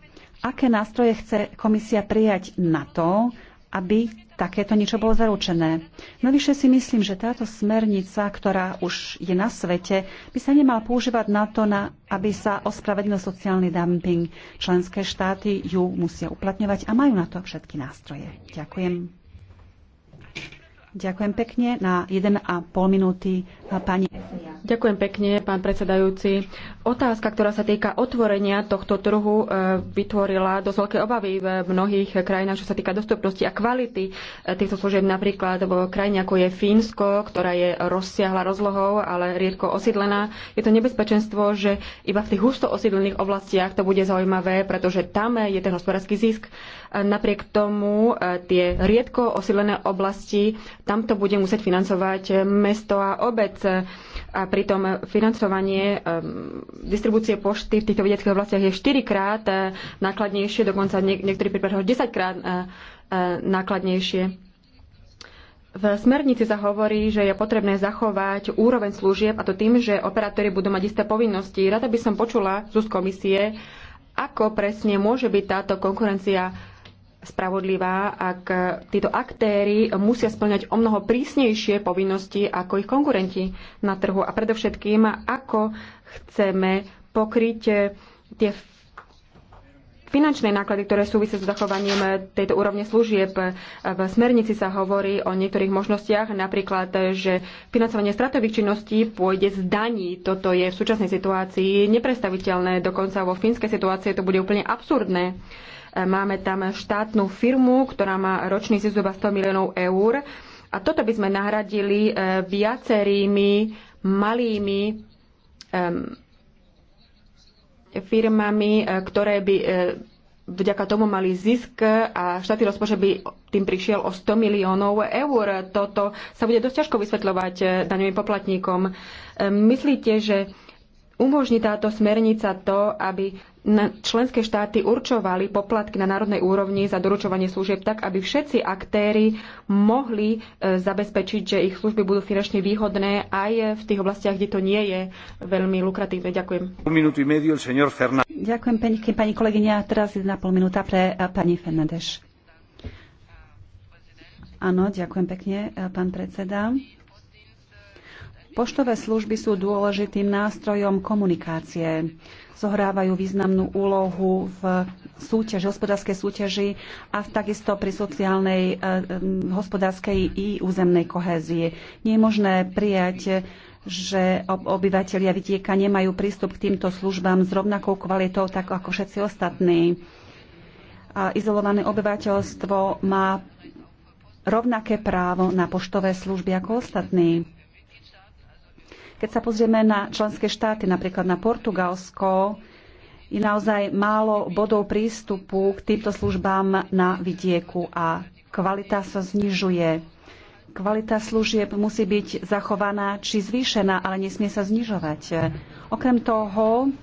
Aké nástroje chce komisia prijať na to, aby takéto niečo bolo zaručené. Navyše si myslím, že táto smernica, ktorá už je na svete, by sa nemal používať na to, na, aby sa ospravedlnil sociálny dumping. Členské štáty ju musia uplatňovať a majú na to všetky nástroje. Ďakujem. Ďakujem pekne na 1,5 minúty pani. Ďakujem pekne, pán predsedajúci otázka, ktorá sa týka otvorenia tohto trhu, e, vytvorila dosť veľké obavy v mnohých krajinách, čo sa týka dostupnosti a kvality e, týchto služieb. Napríklad v krajine ako je Fínsko, ktorá je rozsiahla rozlohou, ale riedko osídlená. Je to nebezpečenstvo, že iba v tých husto osídlených oblastiach to bude zaujímavé, pretože tam je ten hospodársky zisk. Napriek tomu e, tie riedko osídlené oblasti, tam to bude musieť financovať mesto a obec a pritom financovanie distribúcie pošty v týchto vedeckých oblastiach je 4 krát eh, nákladnejšie, dokonca v niektorých prípadoch 10 krát eh, eh, nákladnejšie. V smernici sa hovorí, že je potrebné zachovať úroveň služieb a to tým, že operátori budú mať isté povinnosti. Rada by som počula z komisie, ako presne môže byť táto konkurencia spravodlivá, ak títo aktéry musia splňať o mnoho prísnejšie povinnosti ako ich konkurenti na trhu a predovšetkým, ako chceme pokryť eh, tie finančné náklady, ktoré súvisia s zachovaním tejto úrovne služieb. V smernici sa hovorí o niektorých možnostiach, napríklad, že financovanie stratových činností pôjde z daní. Toto je v súčasnej situácii neprestaviteľné, dokonca vo fínskej situácii to bude úplne absurdné. Máme tam štátnu firmu, ktorá má ročný zisk zhruba 100 miliónov eur. A toto by sme nahradili e, viacerými malými firmami, e, ktoré by e, vďaka tomu mali zisk a štátny rozpočet by tým prišiel o 100 miliónov eur. Toto sa bude dosť ťažko vysvetľovať daňovým poplatníkom. Myslíte, že umožní táto smernica to, aby členské štáty určovali poplatky na národnej úrovni za doručovanie služieb tak, aby všetci aktéry mohli e, zabezpečiť, že ich služby budú finančne výhodné aj v tých oblastiach, kde to nie je veľmi lukratívne. Ďakujem. Ďakujem pekne, pani kolegyňa. Teraz pol minúta pre e, pani Fernández. Áno, ďakujem pekne, e, pán predseda. Poštové služby sú dôležitým nástrojom komunikácie. Zohrávajú významnú úlohu v súťaži, hospodárskej súťaži a takisto pri sociálnej, eh, mm, hospodárskej i územnej kohézii. Nie je možné prijať že obyvateľia vidieka nemajú prístup k týmto službám s rovnakou kvalitou, tak ako všetci ostatní. A izolované obyvateľstvo má rovnaké právo na poštové služby ako ostatní. Keď sa pozrieme na členské štáty, napríklad na Portugalsko, je naozaj málo bodov prístupu k týmto službám na vidieku a kvalita sa znižuje. Kvalita služieb musí byť zachovaná či zvýšená, ale nesmie sa znižovať. Okrem toho,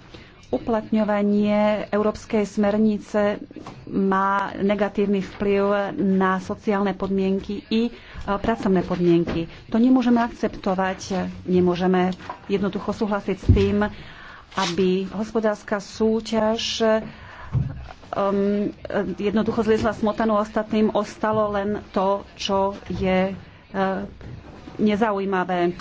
uplatňovanie európskej smernice má negatívny vplyv na sociálne podmienky i e, pracovné podmienky. To nemôžeme akceptovať, nemôžeme jednoducho súhlasiť s tým, aby hospodárska súťaž um, jednoducho zliezla smotanu ostatným, ostalo len to, čo je uh, nezaujímavé.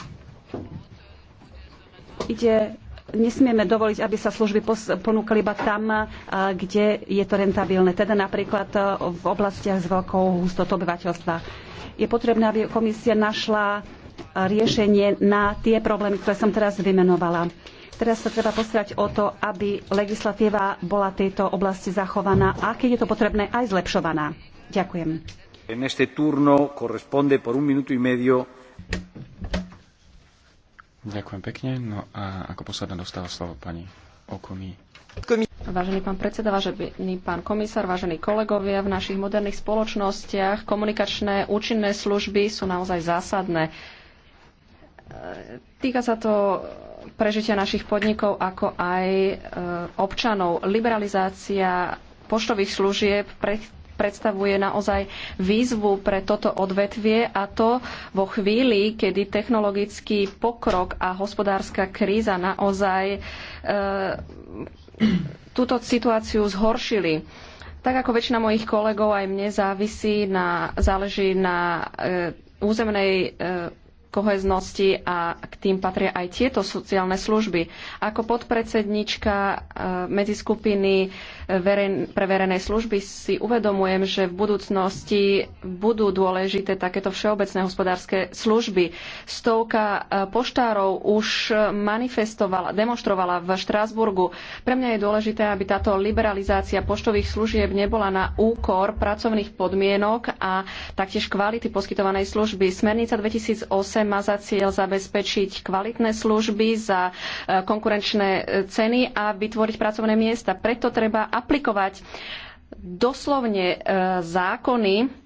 Ide nesmieme dovoliť, aby sa služby ponúkali iba tam, kde je to rentabilné, teda napríklad v oblastiach s veľkou hustotou obyvateľstva. Je potrebné, aby komisia našla riešenie na tie problémy, ktoré som teraz vymenovala. Teraz sa treba postarať o to, aby legislatíva bola tejto oblasti zachovaná a keď je to potrebné, aj zlepšovaná. Ďakujem. En este turno corresponde por un minuto y medio Ďakujem pekne. No a ako posledná dostáva slovo pani Okomi. Vážený pán predseda, vážený pán komisár, vážení kolegovia, v našich moderných spoločnostiach komunikačné účinné služby sú naozaj zásadné. E, týka sa to prežitia našich podnikov, ako aj e, občanov. Liberalizácia poštových služieb predstavuje naozaj výzvu pre toto odvetvie a to vo chvíli, kedy technologický pokrok a hospodárska kríza naozaj e, túto situáciu zhoršili. Tak ako väčšina mojich kolegov, aj mne závisí na, záleží na e, územnej e, koheznosti a k tým patria aj tieto sociálne služby. Ako podpredsednička e, medziskupiny e, pre verejné služby si uvedomujem, že v budúcnosti budú dôležité takéto všeobecné hospodárske služby. Stovka e, poštárov už manifestovala, demonstrovala v Štrásburgu. Pre mňa je dôležité, aby táto liberalizácia poštových služieb nebola na úkor pracovných podmienok a taktiež kvality poskytovanej služby. Smernica 2008 má za cieľ zabezpečiť kvalitné služby za e, konkurenčné e, ceny a vytvoriť pracovné miesta. Preto treba aplikovať doslovne e, zákony,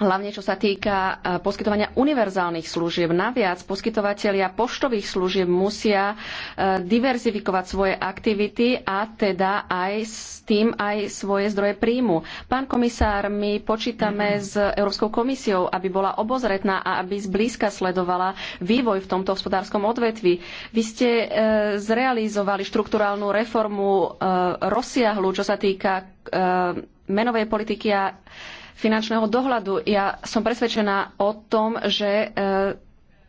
Hlavne čo sa týka e, poskytovania univerzálnych služieb. Naviac poskytovateľia poštových služieb musia e, diverzifikovať svoje aktivity a teda aj s tým aj svoje zdroje príjmu. Pán komisár, my počítame s Európskou komisiou, aby bola obozretná a aby zblízka sledovala vývoj v tomto hospodárskom odvetvi. Vy ste e, zrealizovali štrukturálnu reformu rozsiahlu, čo sa týka menovej politiky a finančného dohľadu. Ja som presvedčená o tom, že e,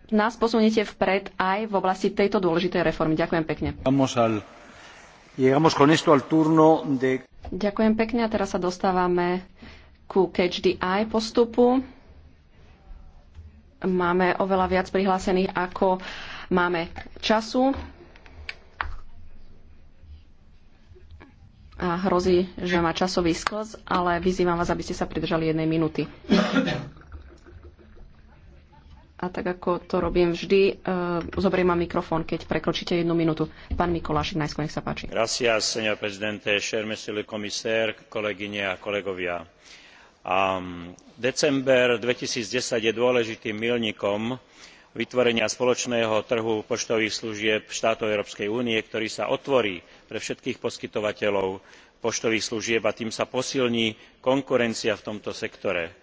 nás posuniete vpred aj v oblasti tejto dôležitej reformy. Ďakujem pekne. Ďakujem pekne a teraz sa dostávame ku Catch the Eye postupu. Máme oveľa viac prihlásených, ako máme času. a hrozí, že má časový sklz, ale vyzývam vás, aby ste sa pridržali jednej minúty. A tak ako to robím vždy, e, zoberiem vám mikrofón, keď prekročíte jednu minútu. Pán Mikulášik, najskôr nech sa páči. Gracias, señor presidente, cher monsieur le commissaire, kolegyne a kolegovia. Um, december 2010 je dôležitým milníkom vytvorenia spoločného trhu poštových služieb štátov európskej únie ktorý sa otvorí pre všetkých poskytovateľov poštových služieb a tým sa posilní konkurencia v tomto sektore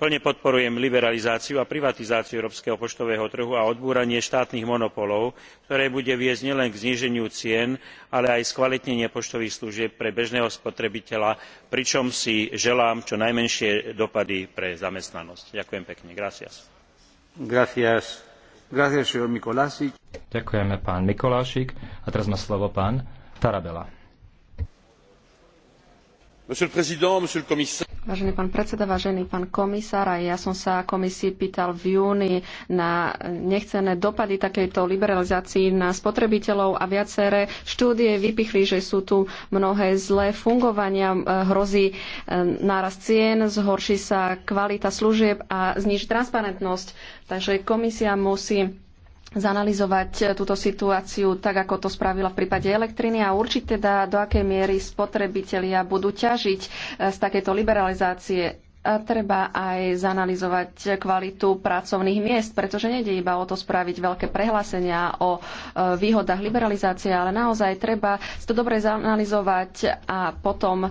plne podporujem liberalizáciu a privatizáciu európskeho poštového trhu a odbúranie štátnych monopolov ktoré bude viesť nielen k zníženiu cien ale aj skvalitnenie poštových služieb pre bežného spotrebiteľa pričom si želám čo najmenšie dopady pre zamestnanosť. ďakujem pekne. ďakujeme pán mikolášik a teraz má slovo pán tarabella. Vážený pán predseda, vážený pán komisár, aj ja som sa komisii pýtal v júni na nechcené dopady takejto liberalizácii na spotrebiteľov a viaceré štúdie vypichli, že sú tu mnohé zlé fungovania, e, hrozí e, náraz cien, zhorší sa kvalita služieb a zniží transparentnosť. Takže komisia musí zanalizovať e, túto situáciu tak, ako to spravila v prípade elektriny a určite teda do akej miery spotrebitelia budú ťažiť e, z takéto liberalizácie. A treba aj zanalizovať kvalitu pracovných miest, pretože nejde iba o to spraviť veľké prehlásenia o e, výhodách liberalizácie, ale naozaj treba to dobre zanalizovať a potom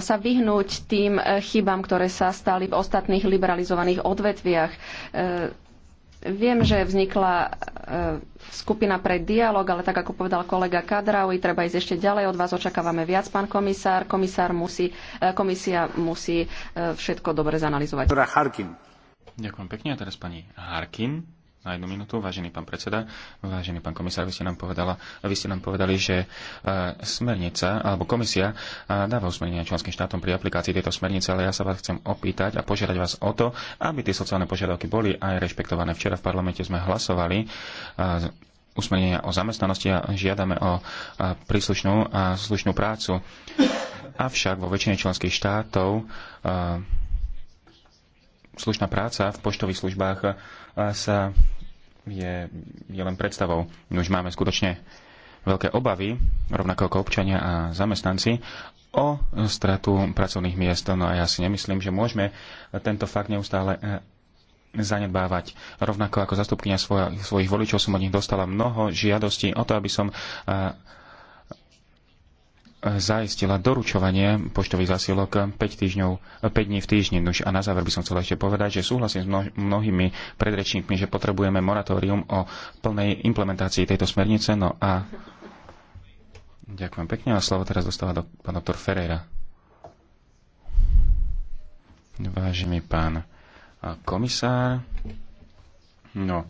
sa vyhnúť tým chybám, ktoré sa stali v ostatných liberalizovaných odvetviach Viem, že vznikla e, skupina pre dialog, ale tak ako povedal kolega Kadraui, treba ísť ešte ďalej. Od vás očakávame viac, pán komisár. Komisár musí, e, komisia musí e, všetko dobre zanalizovať. Ďakujem pekne. A teraz pani Harkin na jednu minútu. Vážený pán predseda, vážený pán komisár, vy ste nám, povedala, vy ste nám povedali, že e, smernica alebo komisia e, dáva usmernenia členským štátom pri aplikácii tejto smernice, ale ja sa vás chcem opýtať a požiadať vás o to, aby tie sociálne požiadavky boli aj rešpektované. Včera v parlamente sme hlasovali e, usmernenia o zamestnanosti a žiadame o príslušnú a slušnú prácu. Avšak vo väčšine členských štátov slušná práca v poštových službách sa je, je len predstavou. My už máme skutočne veľké obavy, rovnako ako občania a zamestnanci, o stratu pracovných miest. No a ja si nemyslím, že môžeme tento fakt neustále e, zanedbávať. Rovnako ako zastupkynia svoja, svojich voličov som od nich dostala mnoho žiadostí o to, aby som e, zaistila doručovanie poštových zasielok 5, týždňov, 5 dní v týždni. Nuž a na záver by som chcel ešte povedať, že súhlasím s mnohými predrečníkmi, že potrebujeme moratórium o plnej implementácii tejto smernice. No a ďakujem pekne a slovo teraz dostáva do, pán doktor Ferreira. Vážený pán komisár, no,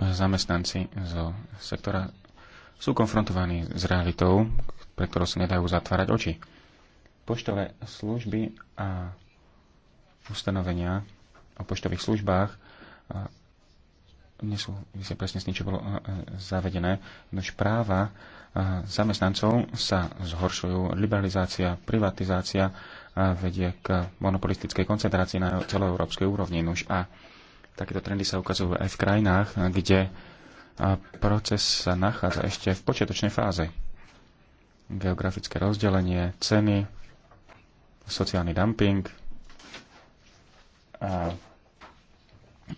zamestnanci zo sektora sú konfrontovaní s realitou, pre ktorú sa nedajú zatvárať oči. Poštové služby a ustanovenia o poštových službách nesúvisia presne s tým, čo bolo zavedené. Nož práva zamestnancov sa zhoršujú. Liberalizácia, privatizácia vedie k monopolistickej koncentrácii na celoeurópskej úrovni. Nož a takéto trendy sa ukazujú aj v krajinách, kde proces sa nachádza ešte v počiatočnej fáze geografické rozdelenie, ceny, sociálny dumping a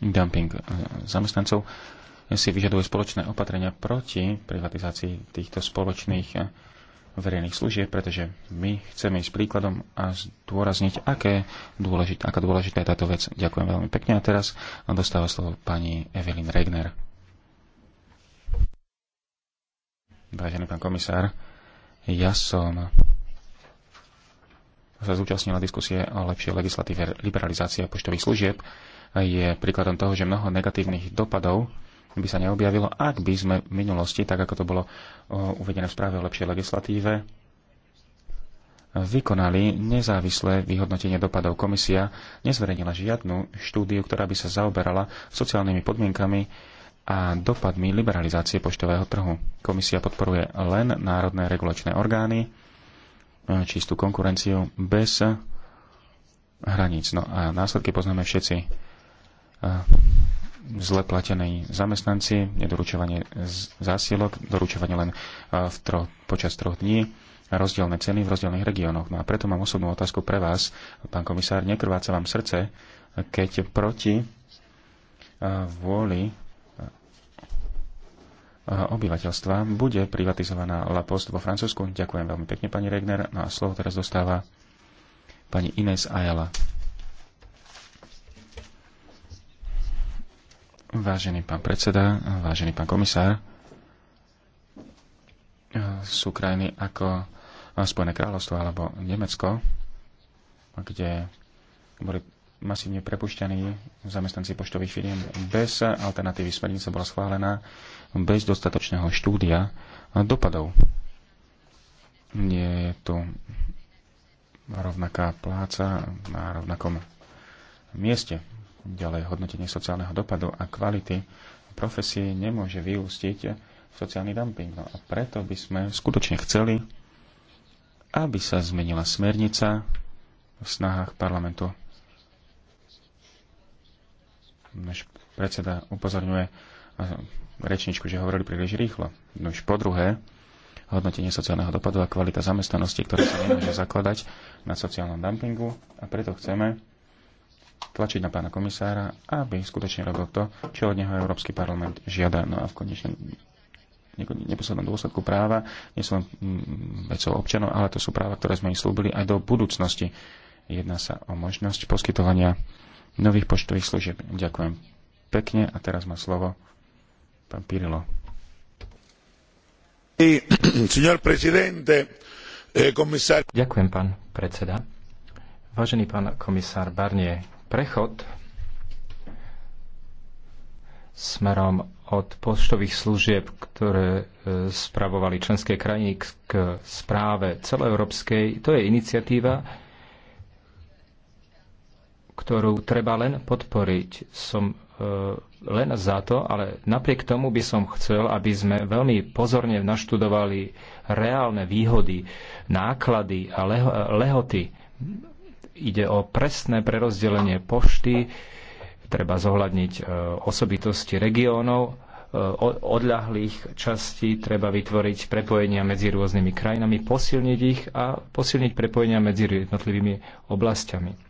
dumping e, zamestnancov si vyžaduje spoločné opatrenia proti privatizácii týchto spoločných e, verejných služieb, pretože my chceme ísť príkladom a zdôrazniť, aké dôležité, aká dôležitá je táto vec. Ďakujem veľmi pekne a teraz dostáva slovo pani Evelyn Regner. Vážený pán komisár, ja som sa zúčastnila diskusie o lepšej legislatíve liberalizácie poštových služieb. Je príkladom toho, že mnoho negatívnych dopadov by sa neobjavilo, ak by sme v minulosti, tak ako to bolo uvedené v správe o lepšej legislatíve, vykonali nezávislé vyhodnotenie dopadov. Komisia nezverejnila žiadnu štúdiu, ktorá by sa zaoberala sociálnymi podmienkami a dopadmi liberalizácie poštového trhu. Komisia podporuje len národné regulačné orgány, e, čistú konkurenciu bez hraníc. No a následky poznáme všetci. E, zle platení zamestnanci, nedoručovanie zásielok, doručovanie len e, v tro, počas troch dní, rozdielne ceny v rozdielnych regiónoch. No a preto mám osobnú otázku pre vás, pán komisár, nekrváca vám srdce, keď proti vôli obyvateľstva bude privatizovaná La Poste vo Francúzsku. Ďakujem veľmi pekne, pani Regner. No a slovo teraz dostáva pani Ines Ayala. Vážený pán predseda, vážený pán komisár, sú krajiny ako Spojené kráľovstvo alebo Nemecko, kde boli masívne prepušťaní zamestnanci poštových firiem bez alternatívy. smernice bola schválená bez dostatočného štúdia dopadov. Nie je tu rovnaká pláca na rovnakom mieste. Ďalej hodnotenie sociálneho dopadu a kvality profesie nemôže vyústiť v sociálny dumping. No a preto by sme skutočne chceli, aby sa zmenila smernica v snahách parlamentu. Náš predseda upozorňuje rečničku, že hovorili príliš rýchlo. No už po druhé, hodnotenie sociálneho dopadu a kvalita zamestnanosti, ktoré sa nemôže zakladať na sociálnom dumpingu a preto chceme tlačiť na pána komisára, aby skutočne robil to, čo od neho Európsky parlament žiada. No a v konečnom neposlednom dôsledku práva nie sú len mm, vecou občanov, ale to sú práva, ktoré sme im slúbili aj do budúcnosti. Jedná sa o možnosť poskytovania nových poštových služieb. Ďakujem pekne a teraz má slovo Pán Pirilo. Eh, Ďakujem, pán predseda. Vážený pán komisár Barnier, prechod smerom od poštových služieb, ktoré e, spravovali členské krajiny k správe celoeurópskej. To je iniciatíva, ktorú treba len podporiť. Som E, len za to, ale napriek tomu by som chcel, aby sme veľmi pozorne naštudovali reálne výhody, náklady a lehoty. Ide o presné prerozdelenie pošty, treba zohľadniť e, osobitosti regiónov, e, odľahlých častí, treba vytvoriť prepojenia medzi rôznymi krajinami, posilniť ich a posilniť prepojenia medzi jednotlivými oblastiami.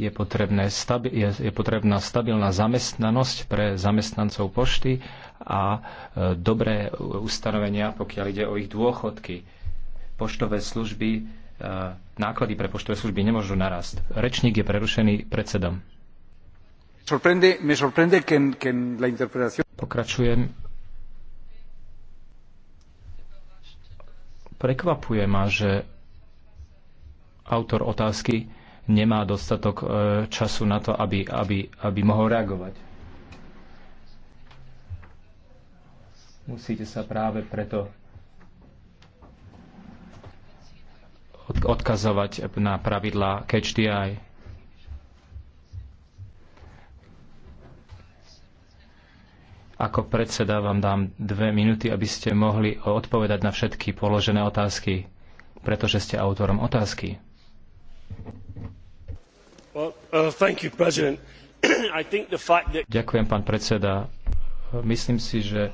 je, potrebné, je, je potrebná stabilná zamestnanosť pre zamestnancov pošty a e, dobré ustanovenia, pokiaľ ide o ich dôchodky. Poštové služby, e, náklady pre poštové služby nemôžu narast. Rečník je prerušený predsedom. Pokračujem. Prekvapuje ma, že autor otázky nemá dostatok e, času na to, aby, aby, aby mohol reagovať. Musíte sa práve preto odkazovať na pravidlá catch the eye. Ako predseda vám dám dve minúty, aby ste mohli odpovedať na všetky položené otázky, pretože ste autorom otázky. Uh, Ďakujem, pán predseda. Myslím si, že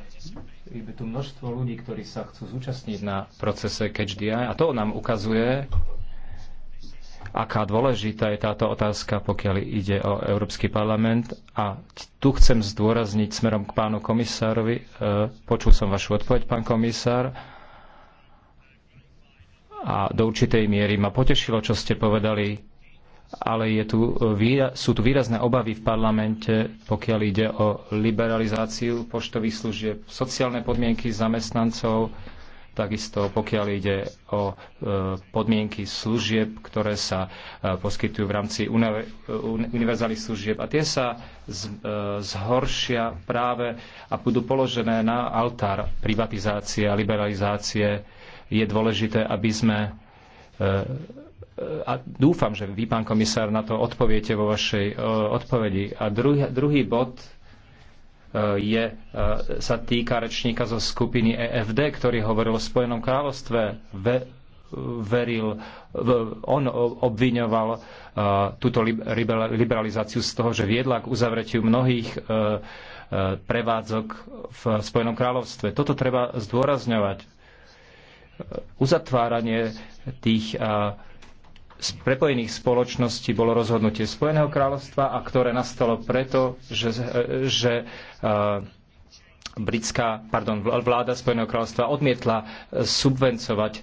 je tu množstvo ľudí, ktorí sa chcú zúčastniť na procese Catch the Eye a to nám ukazuje, aká dôležitá je táto otázka, pokiaľ ide o Európsky parlament. A tu chcem zdôrazniť smerom k pánu komisárovi, e, počul som vašu odpoveď, pán komisár, a do určitej miery ma potešilo, čo ste povedali ale je tu, e, sú tu výrazné obavy v parlamente, pokiaľ ide o liberalizáciu poštových služieb, sociálne podmienky zamestnancov, takisto pokiaľ ide o e, podmienky služieb, ktoré sa e, poskytujú v rámci univerzálnych služieb. A tie sa zhoršia práve a budú položené na altár privatizácie a liberalizácie. Je dôležité, aby sme a dúfam, že vy, pán komisár, na to odpoviete vo vašej e, odpovedi. A druhý, druhý bod e, je, e, sa týka rečníka zo skupiny EFD, ktorý hovoril o Spojenom kráľovstve. Ve, veril, on obviňoval túto liberalizáciu z toho, že viedla k uzavretiu mnohých prevádzok v Spojenom kráľovstve. Toto treba zdôrazňovať. Uzatváranie tých z prepojených spoločností bolo rozhodnutie Spojeného kráľovstva a ktoré nastalo preto, že, že e, britská, pardon, vláda Spojeného kráľovstva odmietla e, subvencovať e,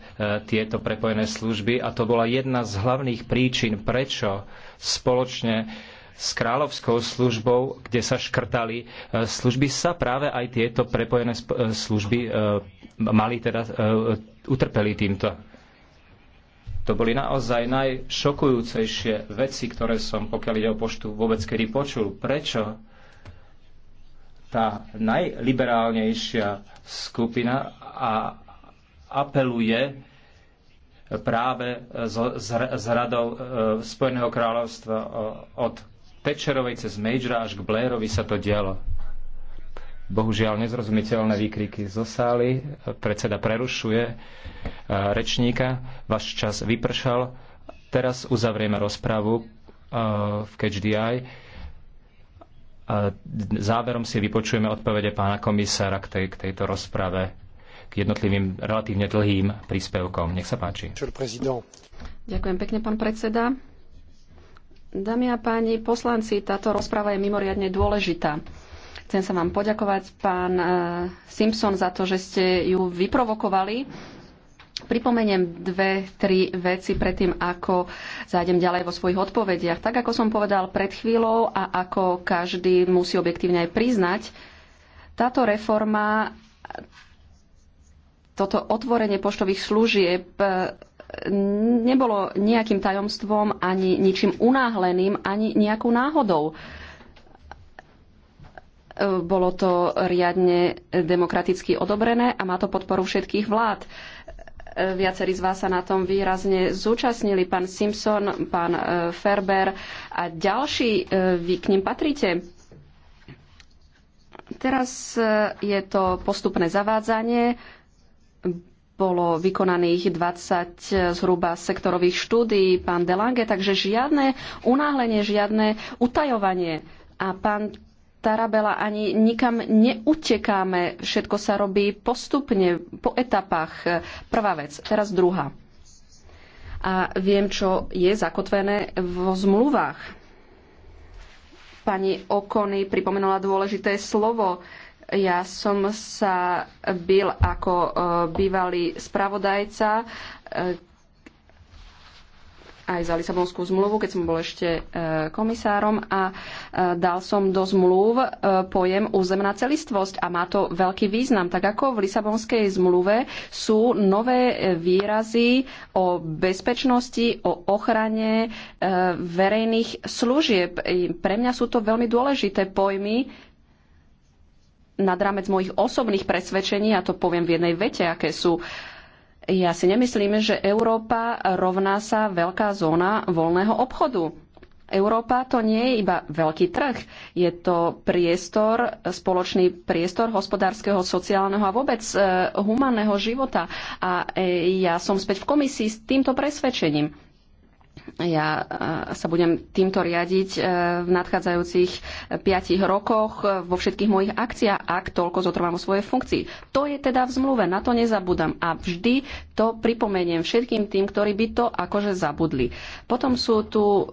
tieto prepojené služby a to bola jedna z hlavných príčin, prečo spoločne s kráľovskou službou, kde sa škrtali služby, sa práve aj tieto prepojené služby mali teda utrpeli týmto. To boli naozaj najšokujúcejšie veci, ktoré som, pokiaľ ide o poštu, vôbec kedy počul. Prečo tá najliberálnejšia skupina a apeluje práve z, radov e, Spojeného kráľovstva od Tečerovej cez Majora až k Blairovi sa to dialo bohužiaľ nezrozumiteľné výkriky zo sály. Predseda prerušuje e, rečníka. Váš čas vypršal. Teraz uzavrieme rozpravu e, v CatchDI. Záverom si vypočujeme odpovede pána komisára k, tej, k tejto rozprave k jednotlivým relatívne dlhým príspevkom. Nech sa páči. Ďakujem pekne, pán predseda. Dámy a páni poslanci, táto rozpráva je mimoriadne dôležitá. Chcem sa vám poďakovať, pán eh, Simpson, za to, že ste ju vyprovokovali. Pripomeniem dve, tri veci predtým, ako zájdem ďalej vo svojich odpovediach. Tak, ako som povedal pred chvíľou a ako každý musí objektívne aj priznať, táto reforma, toto otvorenie poštových služieb eh, nebolo nejakým tajomstvom, ani ničím unáhleným, ani nejakou náhodou. Bolo to riadne demokraticky odobrené a má to podporu všetkých vlád. Viacerí z vás sa na tom výrazne zúčastnili. Pán Simpson, pán e, Ferber a ďalší, e, vy k ním patríte. Teraz e, je to postupné zavádzanie. Bolo vykonaných 20 zhruba sektorových štúdií pán Delange, takže žiadne unáhlenie, žiadne utajovanie. A pán Tarabela ani nikam neutekáme. Všetko sa robí postupne, po etapách. Prvá vec, teraz druhá. A viem, čo je zakotvené vo zmluvách. Pani Okony pripomenula dôležité slovo. Ja som sa byl ako e, bývalý spravodajca e, aj za Lisabonskú zmluvu, keď som bol ešte e, komisárom a e, dal som do zmluv e, pojem územná celistvosť a má to veľký význam. Tak ako v Lisabonskej zmluve sú nové výrazy o bezpečnosti, o ochrane verejných služieb. Pre mňa sú to veľmi dôležité pojmy, nad rámec mojich osobných presvedčení, a to poviem v jednej vete, aké sú uh, ja si nemyslím, že Európa rovná sa veľká zóna voľného obchodu. Európa to nie je iba veľký trh, je to priestor, spoločný priestor hospodárskeho, sociálneho a vôbec eh, humanného života. A eh, ja som späť v komisii s týmto presvedčením. Ja eh, sa budem týmto riadiť eh, v nadchádzajúcich eh, piatich rokoch vo všetkých mojich akciách, ak toľko zotrvám vo svojej funkcii. To je teda v zmluve, na to nezabudám a vždy to pripomeniem všetkým tým, ktorí by to akože zabudli. Potom sú tu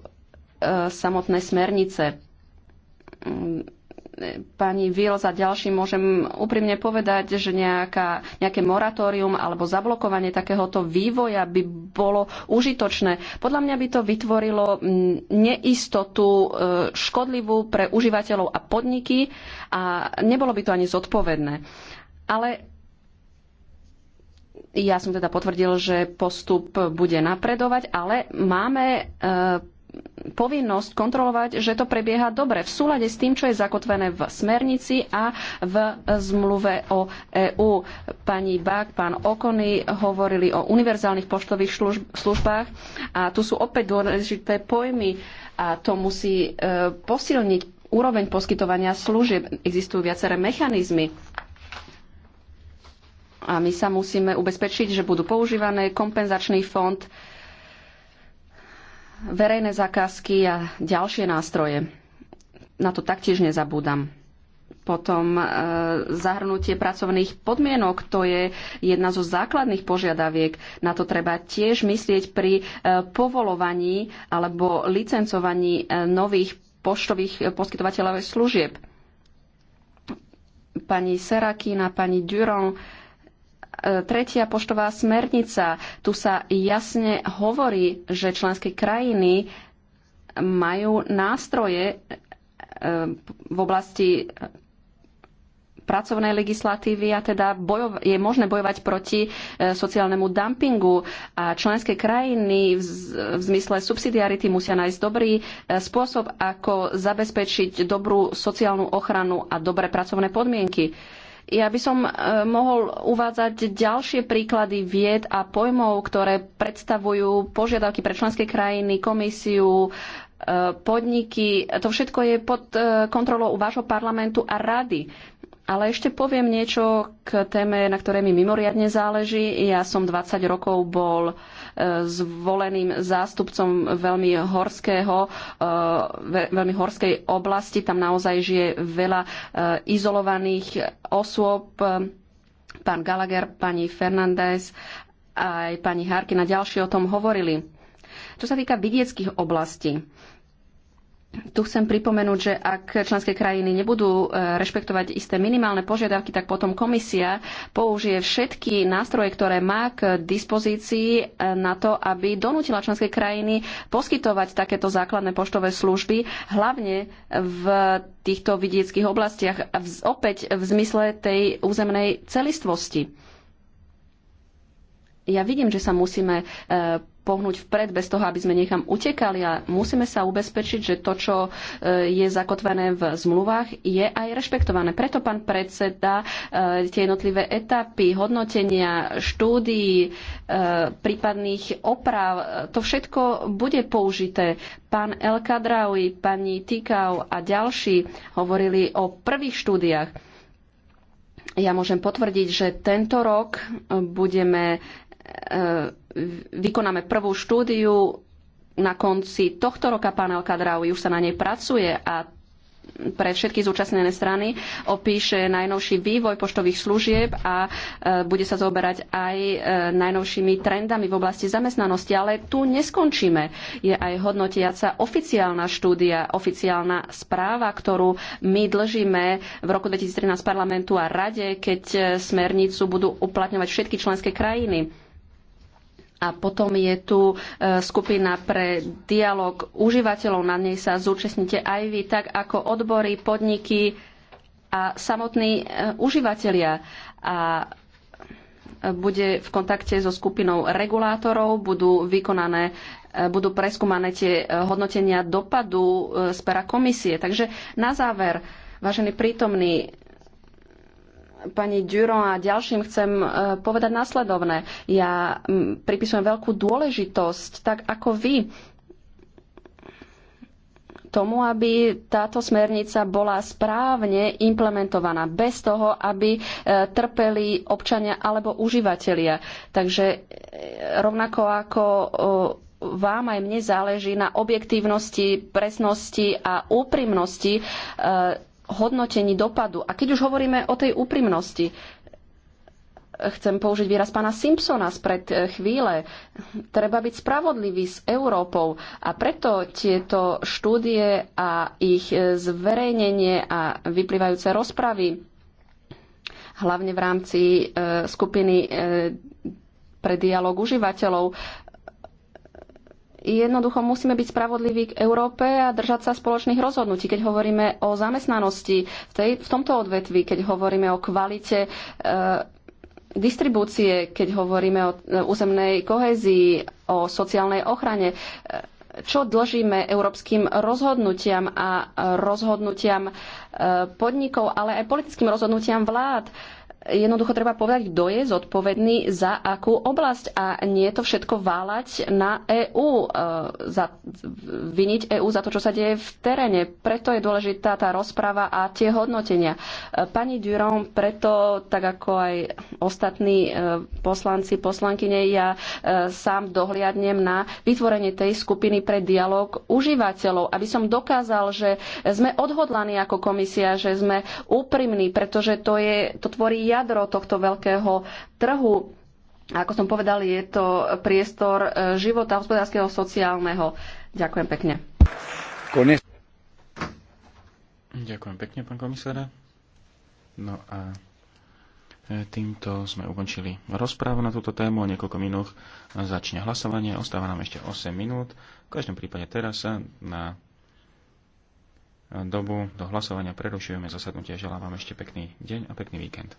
samotné smernice mm, pani Vil za ďalším môžem úprimne povedať, že nejaká, nejaké moratórium alebo zablokovanie takéhoto vývoja by bolo užitočné. Podľa mňa by to vytvorilo neistotu e, škodlivú pre užívateľov a podniky a nebolo by to ani zodpovedné. Ale ja som teda potvrdil, že postup bude napredovať, ale máme e, povinnosť kontrolovať, že to prebieha dobre v súlade s tým, čo je zakotvené v smernici a v zmluve o EÚ. Pani Bák, pán Okony hovorili o univerzálnych poštových službách a tu sú opäť dôležité pojmy a to musí e, posilniť úroveň poskytovania služieb. Existujú viaceré mechanizmy a my sa musíme ubezpečiť, že budú používané kompenzačný fond, verejné zakázky a ďalšie nástroje. Na to taktiež nezabúdam. Potom e, zahrnutie pracovných podmienok, to je jedna zo základných požiadaviek. Na to treba tiež myslieť pri e, povolovaní alebo licencovaní e, nových poštových e, poskytovateľov služieb. Pani Serakina, pani Durand, tretia poštová smernica. Tu sa jasne hovorí, že členské krajiny majú nástroje eh, v oblasti eh, pracovnej legislatívy a teda bojov- je možné bojovať proti eh, sociálnemu dumpingu a členské krajiny v, z- v zmysle subsidiarity musia nájsť dobrý spôsob, ako zabezpečiť dobrú sociálnu ochranu a dobré pracovné podmienky. Ja by som e, mohol uvádzať ďalšie príklady vied a pojmov, ktoré predstavujú požiadavky pre členské krajiny, komisiu, e, podniky. To všetko je pod e, kontrolou vášho parlamentu a rady. Ale ešte poviem niečo k téme, na ktorej mi mimoriadne záleží. Ja som 20 rokov bol e, zvoleným zástupcom veľmi horského, e, veľmi horskej oblasti. Tam naozaj žije veľa e, izolovaných osôb. Pán Gallagher, pani Fernandez, aj pani Harkina ďalší o tom hovorili. Čo sa týka vidieckých oblastí, tu chcem pripomenúť, že ak členské krajiny nebudú e, rešpektovať isté minimálne požiadavky, tak potom komisia použije všetky nástroje, ktoré má k dispozícii e, na to, aby donútila členské krajiny poskytovať takéto základné poštové služby, hlavne v týchto vidieckých oblastiach, opäť v zmysle tej územnej celistvosti. Ja vidím, že sa musíme e, pohnúť vpred bez toho, aby sme niekam utekali a musíme sa ubezpečiť, že to, čo e, je zakotvené v zmluvách, je aj rešpektované. Preto pán predseda e, tie jednotlivé etapy, hodnotenia, štúdií, e, prípadných oprav, to všetko bude použité. Pán El pani Tikau a ďalší hovorili o prvých štúdiách. Ja môžem potvrdiť, že tento rok budeme E, vykonáme prvú štúdiu na konci tohto roka, panel Alkadraui, už sa na nej pracuje a pre všetky zúčastnené strany opíše najnovší vývoj poštových služieb a e, bude sa zoberať aj e, najnovšími trendami v oblasti zamestnanosti. Ale tu neskončíme. Je aj hodnotiaca oficiálna štúdia, oficiálna správa, ktorú my dlžíme v roku 2013 parlamentu a rade, keď smernicu budú uplatňovať všetky členské krajiny a potom je tu e, skupina pre dialog užívateľov, na nej sa zúčastnite aj vy, tak ako odbory, podniky a samotní e, užívateľia. A bude v kontakte so skupinou regulátorov, budú vykonané e, budú preskúmané tie hodnotenia dopadu z pera komisie. Takže na záver, vážení prítomní, pani Duro a ďalším chcem e, povedať následovné. Ja pripisujem veľkú dôležitosť, tak ako vy, tomu, aby táto smernica bola správne implementovaná, bez toho, aby e, trpeli občania alebo užívateľia. Takže e, rovnako ako vám aj mne záleží na objektívnosti, presnosti a úprimnosti hodnotení dopadu. A keď už hovoríme o tej úprimnosti, chcem použiť výraz pána Simpsona spred eh, chvíle. Treba byť spravodlivý s Európou a preto tieto štúdie a ich eh, zverejnenie a vyplývajúce rozpravy, hlavne v rámci eh, skupiny pre dialog užívateľov, Jednoducho musíme byť spravodliví k Európe a držať sa spoločných rozhodnutí. Keď hovoríme o zamestnanosti v, tej, v tomto odvetvi, keď hovoríme o kvalite e, distribúcie, keď hovoríme o e, územnej kohezii, o sociálnej ochrane, e, čo dlžíme európskym rozhodnutiam a rozhodnutiam e, podnikov, ale aj politickým rozhodnutiam vlád. E, Jednoducho treba povedať, kto je zodpovedný za akú oblasť a nie je to všetko váľať na EÚ, e, za, viniť EÚ za to, čo sa deje v teréne. Preto je dôležitá tá rozprava a tie hodnotenia. E, pani Durand, preto, tak ako aj ostatní e, poslanci, poslankyne, ja sám dohliadnem na vytvorenie tej skupiny pre dialog užívateľov, aby som dokázal, že sme odhodlaní ako komisia, že sme úprimní, pretože to, je, to tvorí ja jadro tohto veľkého trhu. Ako som povedal, je to priestor e, života hospodárskeho, sociálneho. Ďakujem pekne. Konec. Ďakujem pekne, pán komisára. No a e, týmto sme ukončili rozprávu na túto tému. O niekoľko minút začne hlasovanie. Ostáva nám ešte 8 minút. V každom prípade teraz sa na dobu do hlasovania prerušujeme zasadnutie. Želám vám ešte pekný deň a pekný víkend.